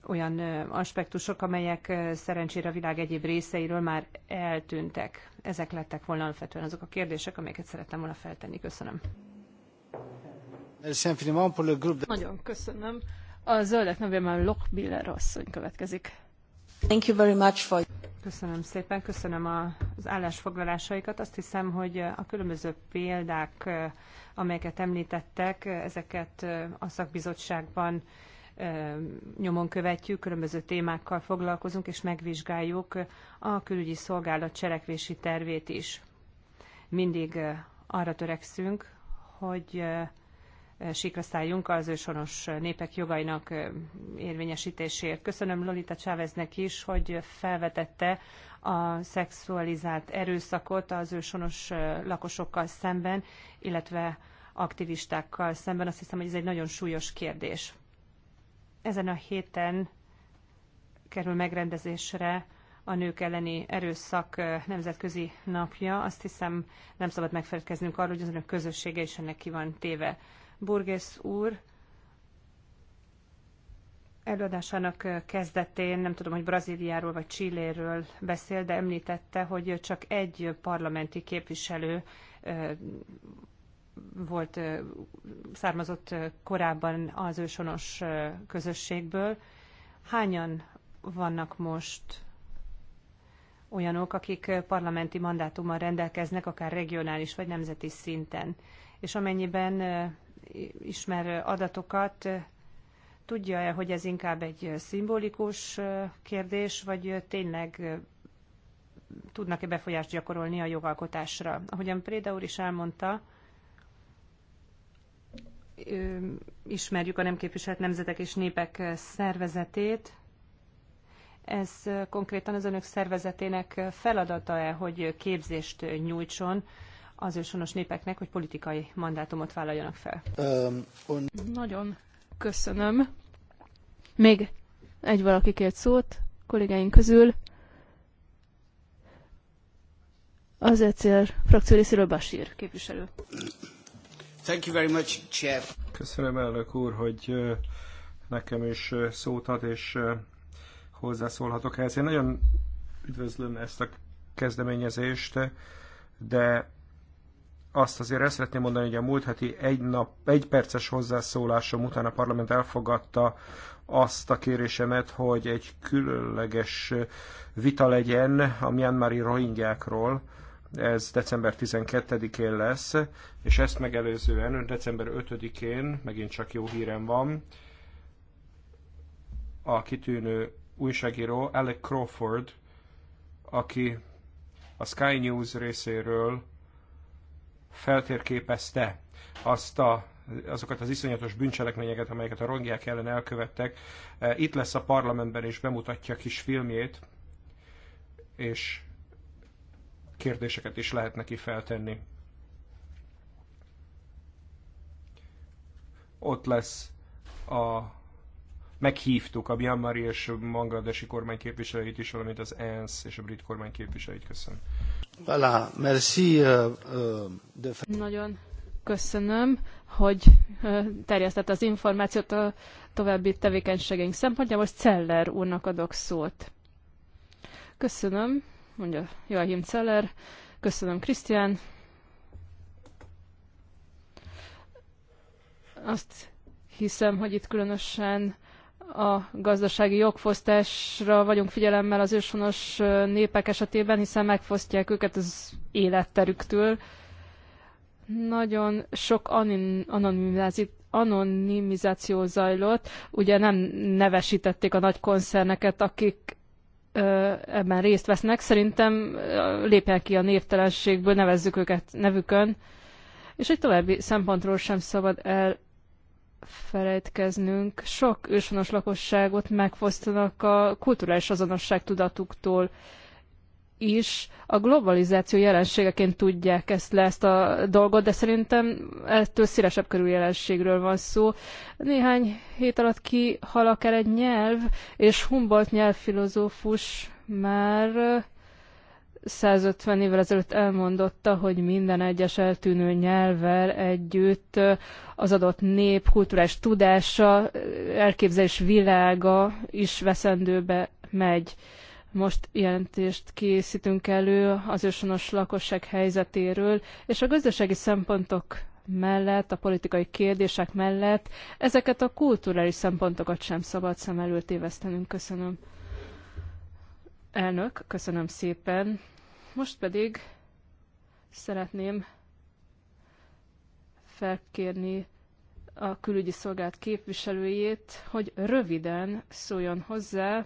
olyan aspektusok, amelyek szerencsére a világ egyéb részeiről már eltűntek. Ezek lettek volna alapvetően azok a kérdések, amelyeket szerettem volna feltenni. Köszönöm. Nagyon köszönöm. A zöldek nevében Biller asszony következik. Thank you very much for... Köszönöm szépen, köszönöm az állásfoglalásaikat. Azt hiszem, hogy a különböző példák, amelyeket említettek, ezeket a szakbizottságban nyomon követjük, különböző témákkal foglalkozunk, és megvizsgáljuk a külügyi szolgálat cselekvési tervét is. Mindig arra törekszünk, hogy síkra szálljunk az ősoros népek jogainak érvényesítéséért. Köszönöm Lolita Cháveznek is, hogy felvetette a szexualizált erőszakot az őshonos lakosokkal szemben, illetve aktivistákkal szemben. Azt hiszem, hogy ez egy nagyon súlyos kérdés. Ezen a héten kerül megrendezésre a nők elleni erőszak nemzetközi napja. Azt hiszem, nem szabad megfelelkeznünk arról, hogy az önök közössége is ennek ki van téve. Burgess úr előadásának kezdetén, nem tudom, hogy Brazíliáról vagy Csilléről beszél, de említette, hogy csak egy parlamenti képviselő volt, származott korábban az ősonos közösségből. Hányan vannak most olyanok, akik parlamenti mandátummal rendelkeznek, akár regionális vagy nemzeti szinten. És amennyiben ismer adatokat, tudja-e, hogy ez inkább egy szimbolikus kérdés, vagy tényleg tudnak-e befolyást gyakorolni a jogalkotásra? Ahogyan Préda úr is elmondta, ismerjük a nem képviselt nemzetek és népek szervezetét. Ez konkrétan az önök szervezetének feladata-e, hogy képzést nyújtson az ősonos népeknek, hogy politikai mandátumot vállaljanak fel? Um, on... Nagyon köszönöm. Még egy valaki kért szót kollégáink közül. Az egyszer frakció részéről Basír képviselő. Thank you very much, Chair. Köszönöm, elnök úr, hogy nekem is szót ad, és hozzászólhatok ehhez. Én nagyon üdvözlöm ezt a kezdeményezést, de azt azért ezt szeretném mondani, hogy a múlt heti egy, nap, egy perces hozzászólásom után a parlament elfogadta azt a kérésemet, hogy egy különleges vita legyen a Myanmari rohingyákról, ez december 12-én lesz, és ezt megelőzően december 5-én, megint csak jó hírem van, a kitűnő újságíró Alec Crawford, aki a Sky News részéről feltérképezte azt a azokat az iszonyatos bűncselekményeket, amelyeket a rongyák ellen elkövettek. Itt lesz a parlamentben, és bemutatja kis filmjét, és kérdéseket is lehet neki feltenni. Ott lesz a meghívtuk a Myanmar és Bangladesi kormány képviselőit is, valamint az ENSZ és a brit kormány képviselőit. Köszönöm. Voilà, merci. Uh, de... Nagyon köszönöm, hogy terjesztett az információt a további tevékenységeink szempontjából. Most Celler úrnak adok szót. Köszönöm, mondja Joachim Celler. Köszönöm, Krisztián. Azt hiszem, hogy itt különösen a gazdasági jogfosztásra vagyunk figyelemmel az őshonos népek esetében, hiszen megfosztják őket az életterüktől. Nagyon sok anonimizáció zajlott, ugye nem nevesítették a nagy koncerneket, akik ebben részt vesznek. Szerintem lépják ki a névtelenségből, nevezzük őket nevükön. És egy további szempontról sem szabad elfelejtkeznünk. Sok őshonos lakosságot megfosztanak a kulturális azonosság tudatuktól is a globalizáció jelenségeként tudják ezt le, ezt a dolgot, de szerintem ettől szélesebb körül jelenségről van szó. Néhány hét alatt kihal akár egy nyelv, és Humboldt nyelvfilozófus már 150 évvel ezelőtt elmondotta, hogy minden egyes eltűnő nyelvvel együtt az adott nép kulturális tudása, elképzelés világa is veszendőbe megy. Most jelentést készítünk elő az őshonos lakosság helyzetéről, és a gazdasági szempontok mellett, a politikai kérdések mellett ezeket a kulturális szempontokat sem szabad szem előtt évesztenünk. Köszönöm. Elnök, köszönöm szépen. Most pedig szeretném felkérni a külügyi szolgált képviselőjét, hogy röviden szóljon hozzá,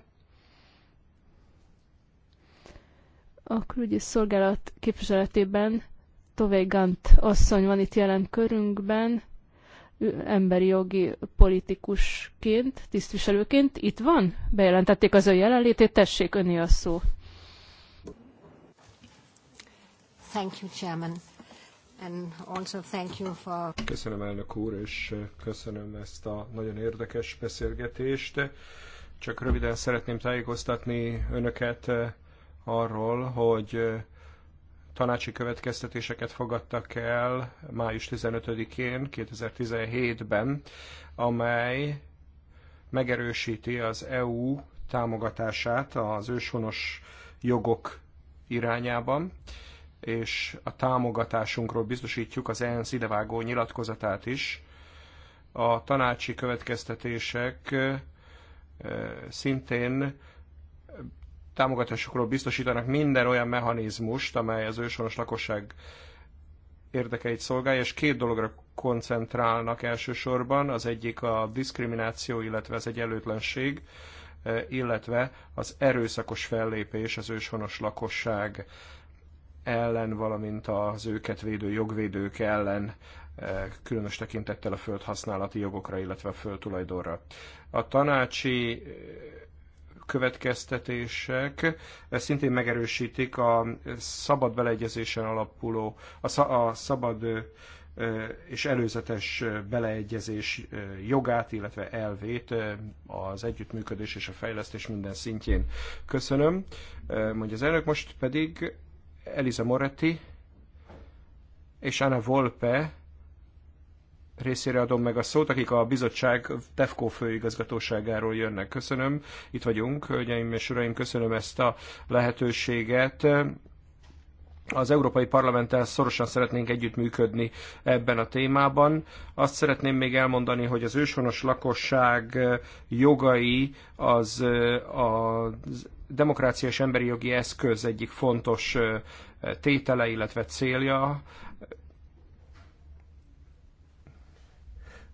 A külügyi szolgálat képviseletében Tovey Gant asszony van itt jelen körünkben, ő emberi jogi politikusként, tisztviselőként. Itt van? Bejelentették az ő jelenlétét, tessék önni a szó. Thank you, Chairman. And also thank you for... Köszönöm, elnök úr, és köszönöm ezt a nagyon érdekes beszélgetést. Csak röviden szeretném tájékoztatni önöket arról, hogy tanácsi következtetéseket fogadtak el május 15-én 2017-ben, amely megerősíti az EU támogatását az őshonos jogok irányában, és a támogatásunkról biztosítjuk az ENSZ idevágó nyilatkozatát is. A tanácsi következtetések szintén támogatásokról biztosítanak minden olyan mechanizmust, amely az őshonos lakosság érdekeit szolgálja, és két dologra koncentrálnak elsősorban. Az egyik a diszkrimináció, illetve az egyenlőtlenség, eh, illetve az erőszakos fellépés az őshonos lakosság ellen, valamint az őket védő jogvédők ellen, eh, különös tekintettel a földhasználati jogokra, illetve a földtulajdonra. A tanácsi eh, következtetések eh, szintén megerősítik a szabad beleegyezésen alapuló, a, szabad eh, és előzetes beleegyezés eh, jogát, illetve elvét az együttműködés és a fejlesztés minden szintjén. Köszönöm. Mondja az elnök, most pedig Eliza Moretti és Anna Volpe részére adom meg a szót, akik a bizottság TEFCO főigazgatóságáról jönnek. Köszönöm, itt vagyunk, hölgyeim és uraim, köszönöm ezt a lehetőséget. Az Európai Parlamenttel szorosan szeretnénk együttműködni ebben a témában. Azt szeretném még elmondani, hogy az őshonos lakosság jogai az a demokrácia és emberi jogi eszköz egyik fontos tétele, illetve célja.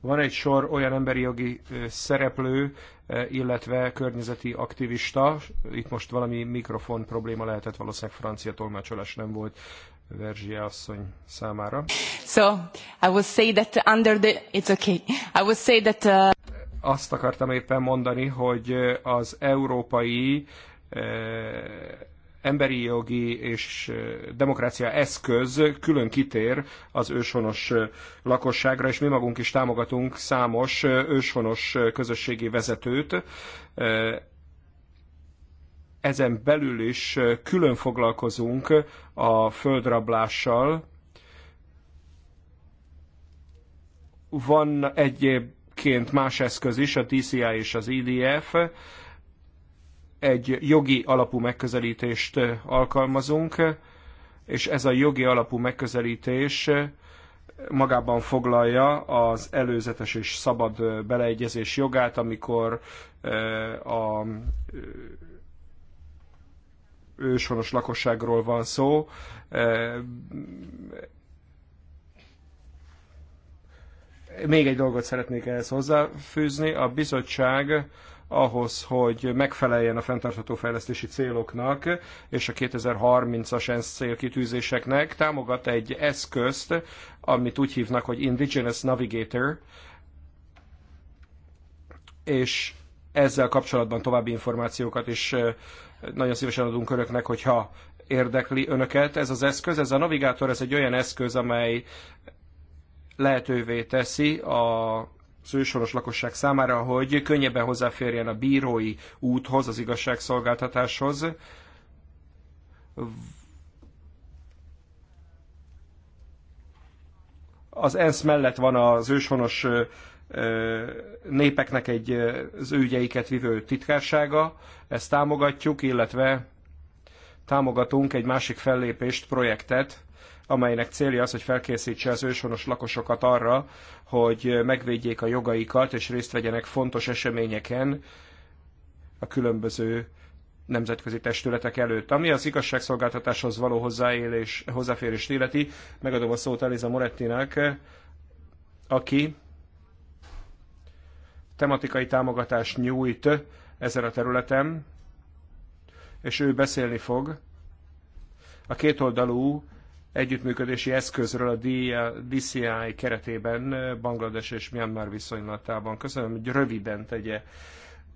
Van egy sor olyan emberi jogi szereplő, illetve környezeti aktivista. Itt most valami mikrofon probléma lehetett, valószínűleg francia tolmácsolás nem volt Verzsia asszony számára. So, I would say that under the... It's okay. I would say that... Uh... Azt akartam éppen mondani, hogy az európai uh emberi jogi és demokrácia eszköz külön kitér az őshonos lakosságra, és mi magunk is támogatunk számos őshonos közösségi vezetőt. Ezen belül is külön foglalkozunk a földrablással. Van egyébként más eszköz is, a TCI és az IDF e egy jogi alapú megközelítést eh, alkalmazunk, és ez a jogi alapú megközelítés eh, magában foglalja az előzetes és szabad eh, beleegyezés jogát, amikor a őshonos lakosságról van szó. Még egy dolgot szeretnék ehhez hozzáfűzni. A bizottság ahhoz, hogy megfeleljen a fenntartható fejlesztési céloknak és a 2030-as ENSZ célkitűzéseknek, támogat egy eszközt, amit úgy hívnak, hogy Indigenous Navigator, és ezzel kapcsolatban további információkat is nagyon szívesen adunk önöknek, hogyha érdekli önöket ez az eszköz. Ez a navigátor, ez egy olyan eszköz, amely lehetővé teszi a az ősoros lakosság számára, hogy könnyebben hozzáférjen a bírói úthoz, az igazságszolgáltatáshoz. Az ENSZ mellett van az őshonos népeknek egy az ő ügyeiket vivő titkársága, ezt támogatjuk, illetve támogatunk egy másik fellépést, projektet, amelynek célja az, hogy felkészítse az őshonos lakosokat arra, hogy megvédjék a jogaikat és részt vegyenek fontos eseményeken a különböző nemzetközi testületek előtt. Ami az igazságszolgáltatáshoz való hozzáélés, hozzáférést illeti, megadom a szót Eliza Morettinek, aki tematikai támogatást nyújt ezen a területen, és ő beszélni fog a kétoldalú együttműködési eszközről a DCI keretében eh, Banglades és Myanmar viszonylatában. Köszönöm, hogy röviden tegye.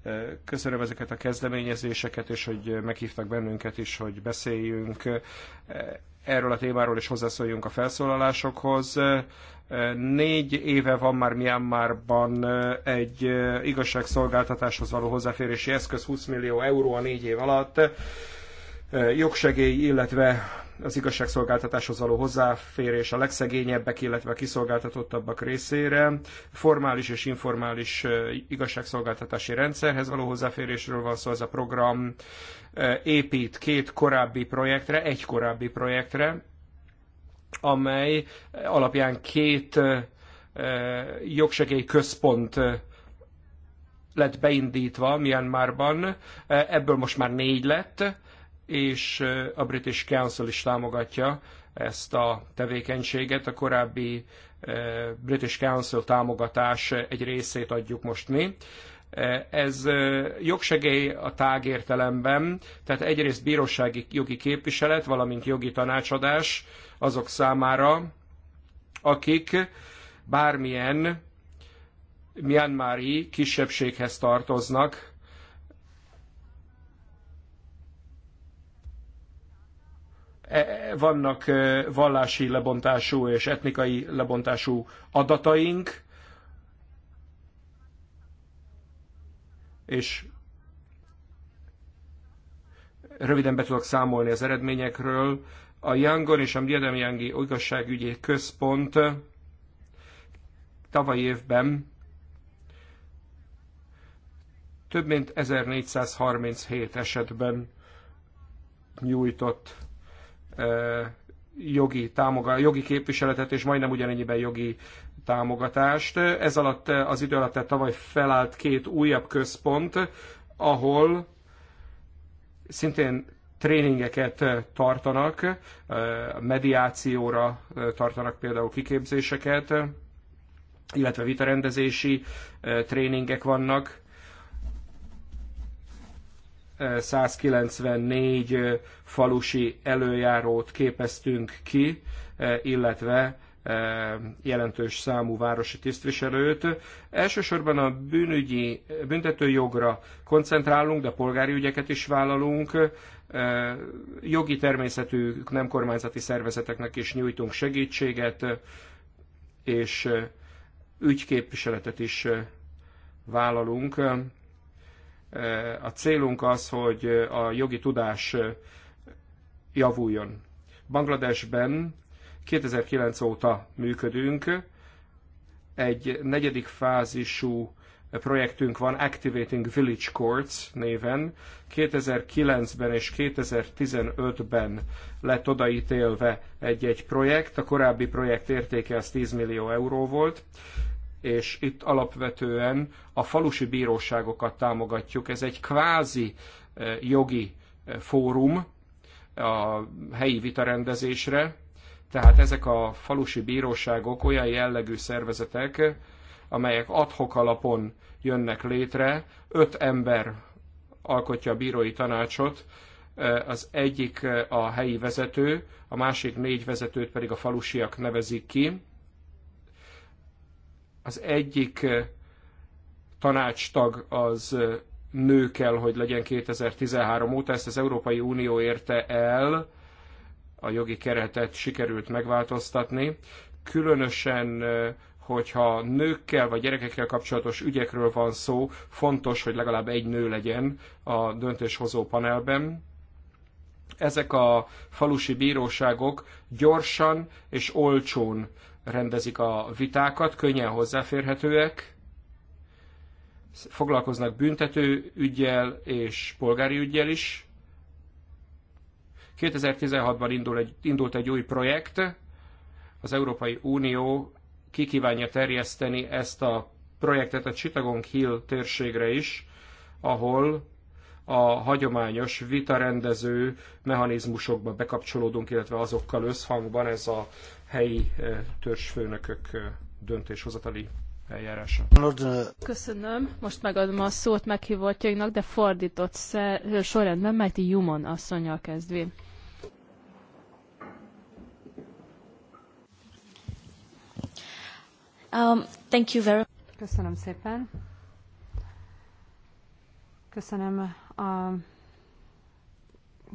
Eh, köszönöm ezeket a kezdeményezéseket, és hogy meghívtak bennünket is, hogy beszéljünk eh, erről a témáról, és hozzászóljunk a felszólalásokhoz. Négy éve van már Myanmarban egy igazságszolgáltatáshoz való hozzáférési eszköz, 20 millió euró a négy év alatt jogsegély, illetve az igazságszolgáltatáshoz való hozzáférés a legszegényebbek, illetve a kiszolgáltatottabbak részére, formális és informális igazságszolgáltatási rendszerhez való hozzáférésről van szó, ez a program épít két korábbi projektre, egy korábbi projektre, amely alapján két jogsegély központ lett beindítva Myanmarban, ebből most már négy lett, és a British Council is támogatja ezt a tevékenységet. A korábbi British Council támogatás egy részét adjuk most mi. Ez jogsegély a tágértelemben, tehát egyrészt bírósági jogi képviselet, valamint jogi tanácsadás azok számára, akik bármilyen Myanmari kisebbséghez tartoznak, E, vannak e, vallási lebontású és etnikai lebontású adataink, és röviden be tudok számolni az eredményekről. A Yangon és a Mdiadem Yangi igazságügyi központ tavaly évben több mint 1437 esetben nyújtott jogi, támogat, jogi képviseletet és majdnem ugyanennyiben jogi támogatást. Ez alatt az idő alatt tehát tavaly felállt két újabb központ, ahol szintén tréningeket tartanak, mediációra tartanak például kiképzéseket, illetve vitarendezési tréningek vannak, 194 falusi előjárót képeztünk ki, illetve jelentős számú városi tisztviselőt. Elsősorban a bűnügyi, büntetőjogra koncentrálunk, de polgári ügyeket is vállalunk. Jogi természetű nem kormányzati szervezeteknek is nyújtunk segítséget, és ügyképviseletet is vállalunk. A célunk az, hogy a jogi tudás javuljon. Bangladesben 2009 óta működünk, egy negyedik fázisú projektünk van, Activating Village Courts néven. 2009-ben és 2015-ben lett odaítélve egy-egy projekt, a korábbi projekt értéke az 10 millió euró volt és itt alapvetően a falusi bíróságokat támogatjuk. Ez egy kvázi eh, jogi eh, fórum a helyi vitarendezésre, tehát ezek a falusi bíróságok olyan jellegű szervezetek, amelyek adhok alapon jönnek létre. Öt ember alkotja a bírói tanácsot, eh, az egyik a helyi vezető, a másik négy vezetőt pedig a falusiak nevezik ki az egyik eh, tanácstag az eh, nő kell, hogy legyen 2013 óta, ezt az Európai Unió érte el, a jogi keretet sikerült megváltoztatni, különösen eh, hogyha nőkkel vagy gyerekekkel kapcsolatos ügyekről van szó, fontos, hogy legalább egy nő legyen a döntéshozó panelben. Ezek a falusi bíróságok gyorsan és olcsón rendezik a vitákat, könnyen hozzáférhetőek, foglalkoznak büntető ügyjel és polgári ügyjel is. 2016-ban indul egy, indult egy új projekt, az Európai Unió kikívánja terjeszteni ezt a projektet a Chittagong Hill térségre is, ahol a hagyományos vitarendező mechanizmusokba bekapcsolódunk, illetve azokkal összhangban ez a helyi törzsfőnökök döntéshozatali eljárása. Köszönöm. Most megadom a szót meghívottjainknak, de fordított sorrendben, mert Jumon asszonyjal kezdvén. Um, thank you very Köszönöm szépen. Köszönöm a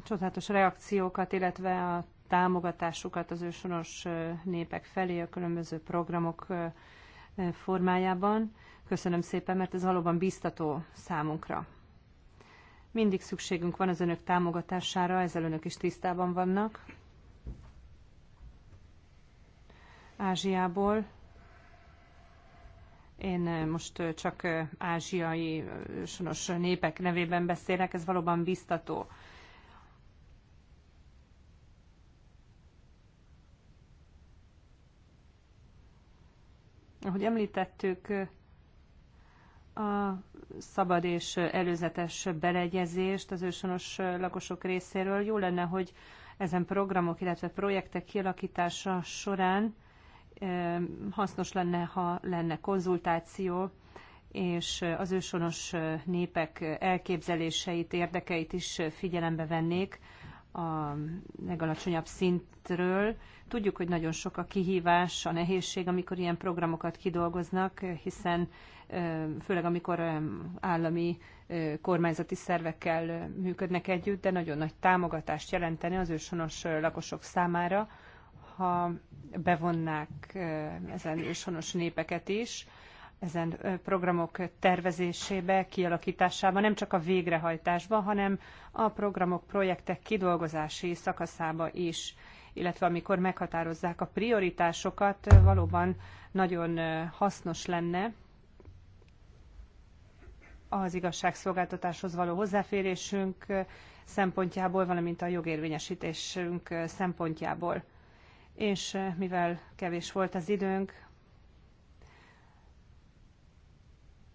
csodálatos reakciókat, illetve a támogatásukat az ősonos népek felé a különböző programok formájában. Köszönöm szépen, mert ez valóban biztató számunkra. Mindig szükségünk van az önök támogatására, ezzel önök is tisztában vannak. Ázsiából. Én most csak ázsiai sonos népek nevében beszélek, ez valóban biztató Ahogy említettük, a szabad és előzetes beleegyezést az ősonos lakosok részéről. Jó lenne, hogy ezen programok, illetve projektek kialakítása során e, hasznos lenne, ha lenne konzultáció, és az ősonos népek elképzeléseit, érdekeit is figyelembe vennék a legalacsonyabb szintről. Tudjuk, hogy nagyon sok a kihívás, a nehézség, amikor ilyen programokat kidolgoznak, hiszen főleg amikor állami kormányzati szervekkel működnek együtt, de nagyon nagy támogatást jelenteni az őshonos lakosok számára, ha bevonnák ezen őshonos népeket is ezen programok tervezésébe, kialakításába, nem csak a végrehajtásba, hanem a programok, projektek kidolgozási szakaszába is, illetve amikor meghatározzák a prioritásokat, valóban nagyon hasznos lenne az igazságszolgáltatáshoz való hozzáférésünk szempontjából, valamint a jogérvényesítésünk szempontjából. És mivel kevés volt az időnk,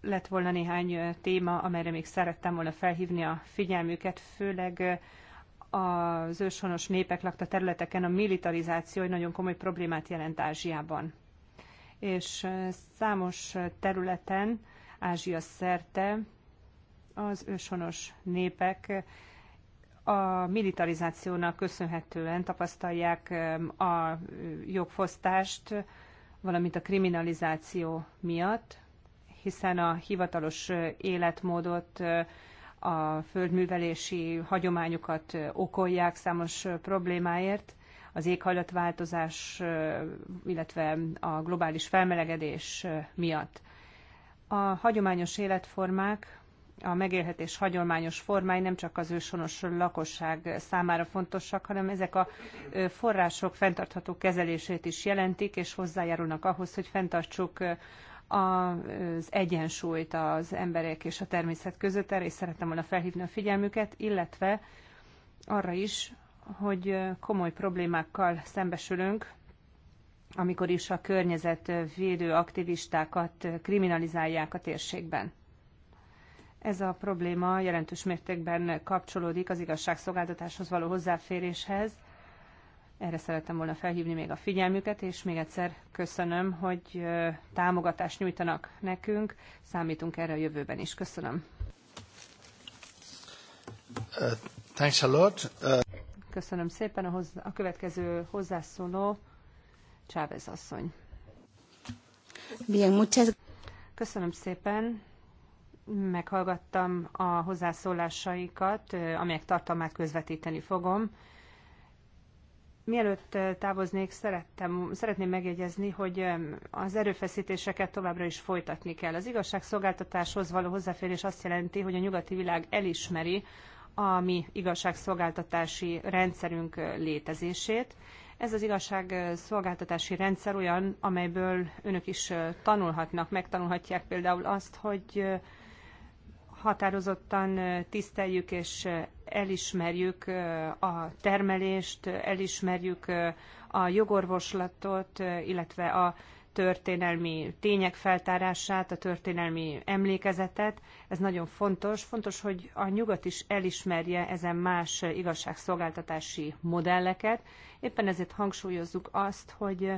lett volna néhány téma, amelyre még szerettem volna felhívni a figyelmüket, főleg az őshonos népek lakta területeken a militarizáció egy nagyon komoly problémát jelent Ázsiában. És számos területen, Ázsia szerte az őshonos népek a militarizációnak köszönhetően tapasztalják a jogfosztást, valamint a kriminalizáció miatt, hiszen a hivatalos életmódot, a földművelési hagyományokat okolják számos problémáért, az éghajlatváltozás, illetve a globális felmelegedés miatt. A hagyományos életformák, a megélhetés hagyományos formái nem csak az őshonos lakosság számára fontosak, hanem ezek a források fenntartható kezelését is jelentik, és hozzájárulnak ahhoz, hogy fenntartsuk az egyensúlyt az emberek és a természet között, erre is szerettem volna felhívni a figyelmüket, illetve arra is, hogy komoly problémákkal szembesülünk, amikor is a környezetvédő aktivistákat kriminalizálják a térségben. Ez a probléma jelentős mértékben kapcsolódik az igazságszolgáltatáshoz való hozzáféréshez, erre szerettem volna felhívni még a figyelmüket, és még egyszer köszönöm, hogy támogatást nyújtanak nekünk. Számítunk erre a jövőben is. Köszönöm. Uh, thanks a lot. Uh... Köszönöm szépen. A, hozzá, a következő hozzászóló Chávez asszony. Bien, muchas... Köszönöm szépen. Meghallgattam a hozzászólásaikat, amelyek tartalmát közvetíteni fogom Mielőtt távoznék, szerettem, szeretném megjegyezni, hogy az erőfeszítéseket továbbra is folytatni kell. Az igazságszolgáltatáshoz való hozzáférés azt jelenti, hogy a nyugati világ elismeri a mi igazságszolgáltatási rendszerünk létezését. Ez az igazságszolgáltatási rendszer olyan, amelyből önök is tanulhatnak, megtanulhatják például azt, hogy határozottan tiszteljük és elismerjük a termelést, elismerjük a jogorvoslatot, illetve a történelmi tények feltárását, a történelmi emlékezetet. Ez nagyon fontos. Fontos, hogy a nyugat is elismerje ezen más igazságszolgáltatási modelleket. Éppen ezért hangsúlyozzuk azt, hogy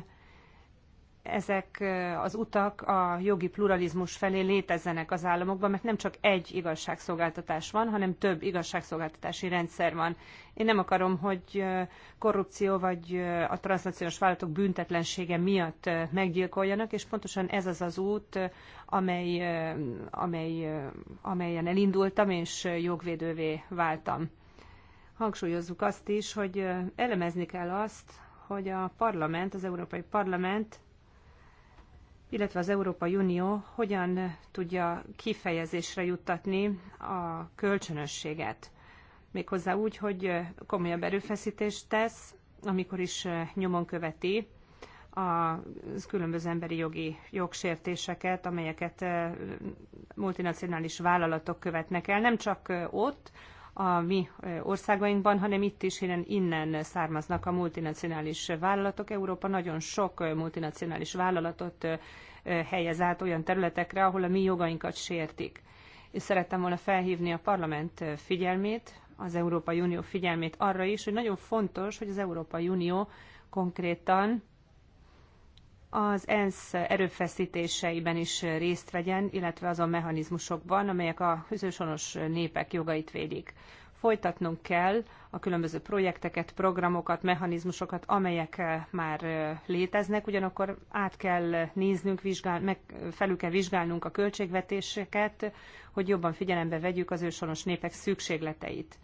ezek az utak a jogi pluralizmus felé létezzenek az államokban, mert nem csak egy igazságszolgáltatás van, hanem több igazságszolgáltatási rendszer van. Én nem akarom, hogy korrupció vagy a transznacionális vállalatok büntetlensége miatt meggyilkoljanak, és pontosan ez az az út, amely, amely, amelyen elindultam, és jogvédővé váltam. Hangsúlyozzuk azt is, hogy elemezni kell azt, hogy a parlament, az Európai Parlament illetve az Európai Unió hogyan tudja kifejezésre juttatni a kölcsönösséget. Méghozzá úgy, hogy komolyabb erőfeszítést tesz, amikor is nyomon követi a különböző emberi jogi jogsértéseket, amelyeket multinacionális vállalatok követnek el, nem csak ott, a mi országainkban, hanem itt is innen, innen származnak a multinacionális vállalatok. Európa nagyon sok multinacionális vállalatot helyez át olyan területekre, ahol a mi jogainkat sértik. És szerettem volna felhívni a parlament figyelmét, az Európai Unió figyelmét arra is, hogy nagyon fontos, hogy az Európai Unió konkrétan az ENSZ erőfeszítéseiben is részt vegyen, illetve azon mechanizmusokban, amelyek a hűzősonos népek jogait védik. Folytatnunk kell a különböző projekteket, programokat, mechanizmusokat, amelyek már léteznek, ugyanakkor át kell néznünk, vizsgál, meg, felül kell vizsgálnunk a költségvetéseket, hogy jobban figyelembe vegyük az őshonos népek szükségleteit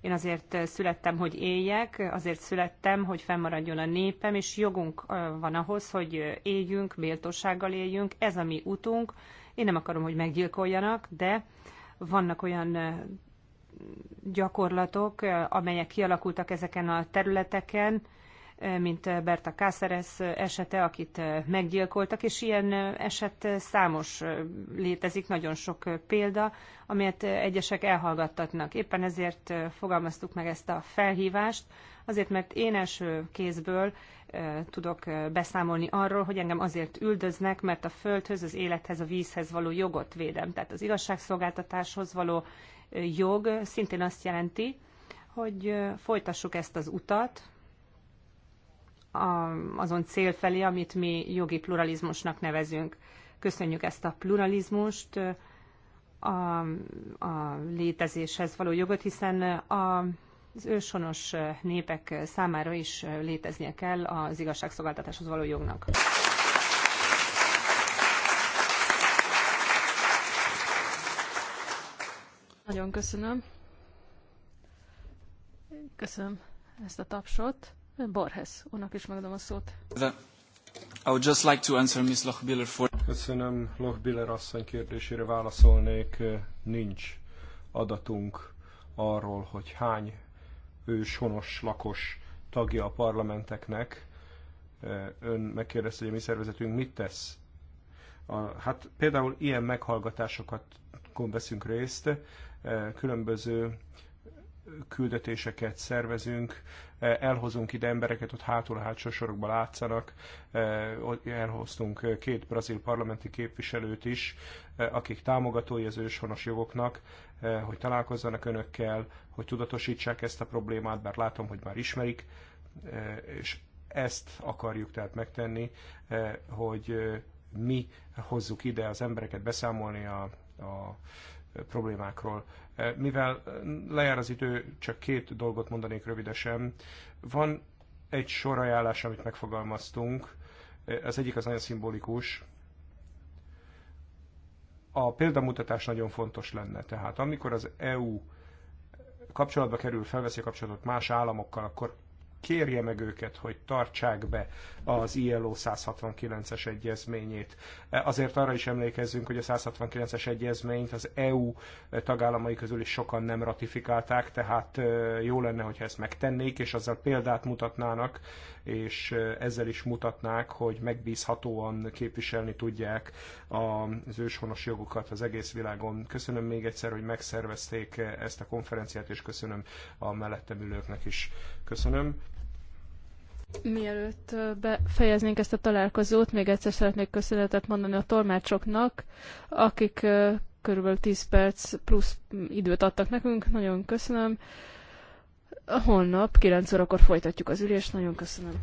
én azért születtem, hogy éljek, azért születtem, hogy fennmaradjon a népem, és jogunk van ahhoz, hogy éljünk, méltósággal éljünk, ez a mi utunk. Én nem akarom, hogy meggyilkoljanak, de vannak olyan gyakorlatok, amelyek kialakultak ezeken a területeken, mint Berta Cáceres esete, akit meggyilkoltak, és ilyen eset számos létezik, nagyon sok példa, amelyet egyesek elhallgattatnak. Éppen ezért fogalmaztuk meg ezt a felhívást, azért mert én első kézből tudok beszámolni arról, hogy engem azért üldöznek, mert a földhöz, az élethez, a vízhez való jogot védem. Tehát az igazságszolgáltatáshoz való jog szintén azt jelenti, hogy folytassuk ezt az utat, azon cél felé, amit mi jogi pluralizmusnak nevezünk. Köszönjük ezt a pluralizmust, a, a létezéshez való jogot, hiszen a, az őshonos népek számára is léteznie kell az igazságszolgáltatáshoz való jognak. Nagyon köszönöm. Köszönöm ezt a tapsot. Borges úrnak is megadom a szót. I would just like to answer Ms. Lochbiller for... Köszönöm, Lochbiller asszony kérdésére válaszolnék. Nincs adatunk arról, hogy hány őshonos lakos tagja a parlamenteknek. Ön megkérdezte, hogy a mi szervezetünk mit tesz. A, hát például ilyen meghallgatásokat veszünk részt, különböző küldetéseket szervezünk, eh, elhozunk ide embereket, ott hátul a hátsó sorokba látszanak, eh, elhoztunk eh, két brazil parlamenti képviselőt is, akik támogatói az őshonos jogoknak, hogy találkozzanak önökkel, hogy tudatosítsák ezt a problémát, bár látom, hogy már ismerik, és ezt akarjuk tehát megtenni, hogy mi hozzuk ide az embereket beszámolni a, a problémákról. Eh, mivel eh, lejár az idő, csak két dolgot mondanék rövidesen. Van egy sor ajánlás, amit megfogalmaztunk. Eh, az egyik az nagyon szimbolikus. A példamutatás nagyon fontos lenne. Tehát amikor az EU kapcsolatba kerül, felveszi a kapcsolatot más államokkal, akkor kérje meg őket, hogy tartsák be az ILO 169-es egyezményét. E, azért arra is emlékezzünk, hogy a 169-es egyezményt az EU tagállamai közül is sokan nem ratifikálták, tehát e, jó lenne, hogyha ezt megtennék, és azzal példát mutatnának, és e, ezzel is mutatnák, hogy megbízhatóan képviselni tudják az őshonos jogokat az egész világon. Köszönöm még egyszer, hogy megszervezték ezt a konferenciát, és köszönöm a mellettem ülőknek is. Köszönöm. Mielőtt befejeznénk ezt a találkozót, még egyszer szeretnék köszönetet mondani a tolmácsoknak, akik körülbelül 10 perc plusz időt adtak nekünk. Nagyon köszönöm. Holnap 9 órakor folytatjuk az ülést. Nagyon köszönöm.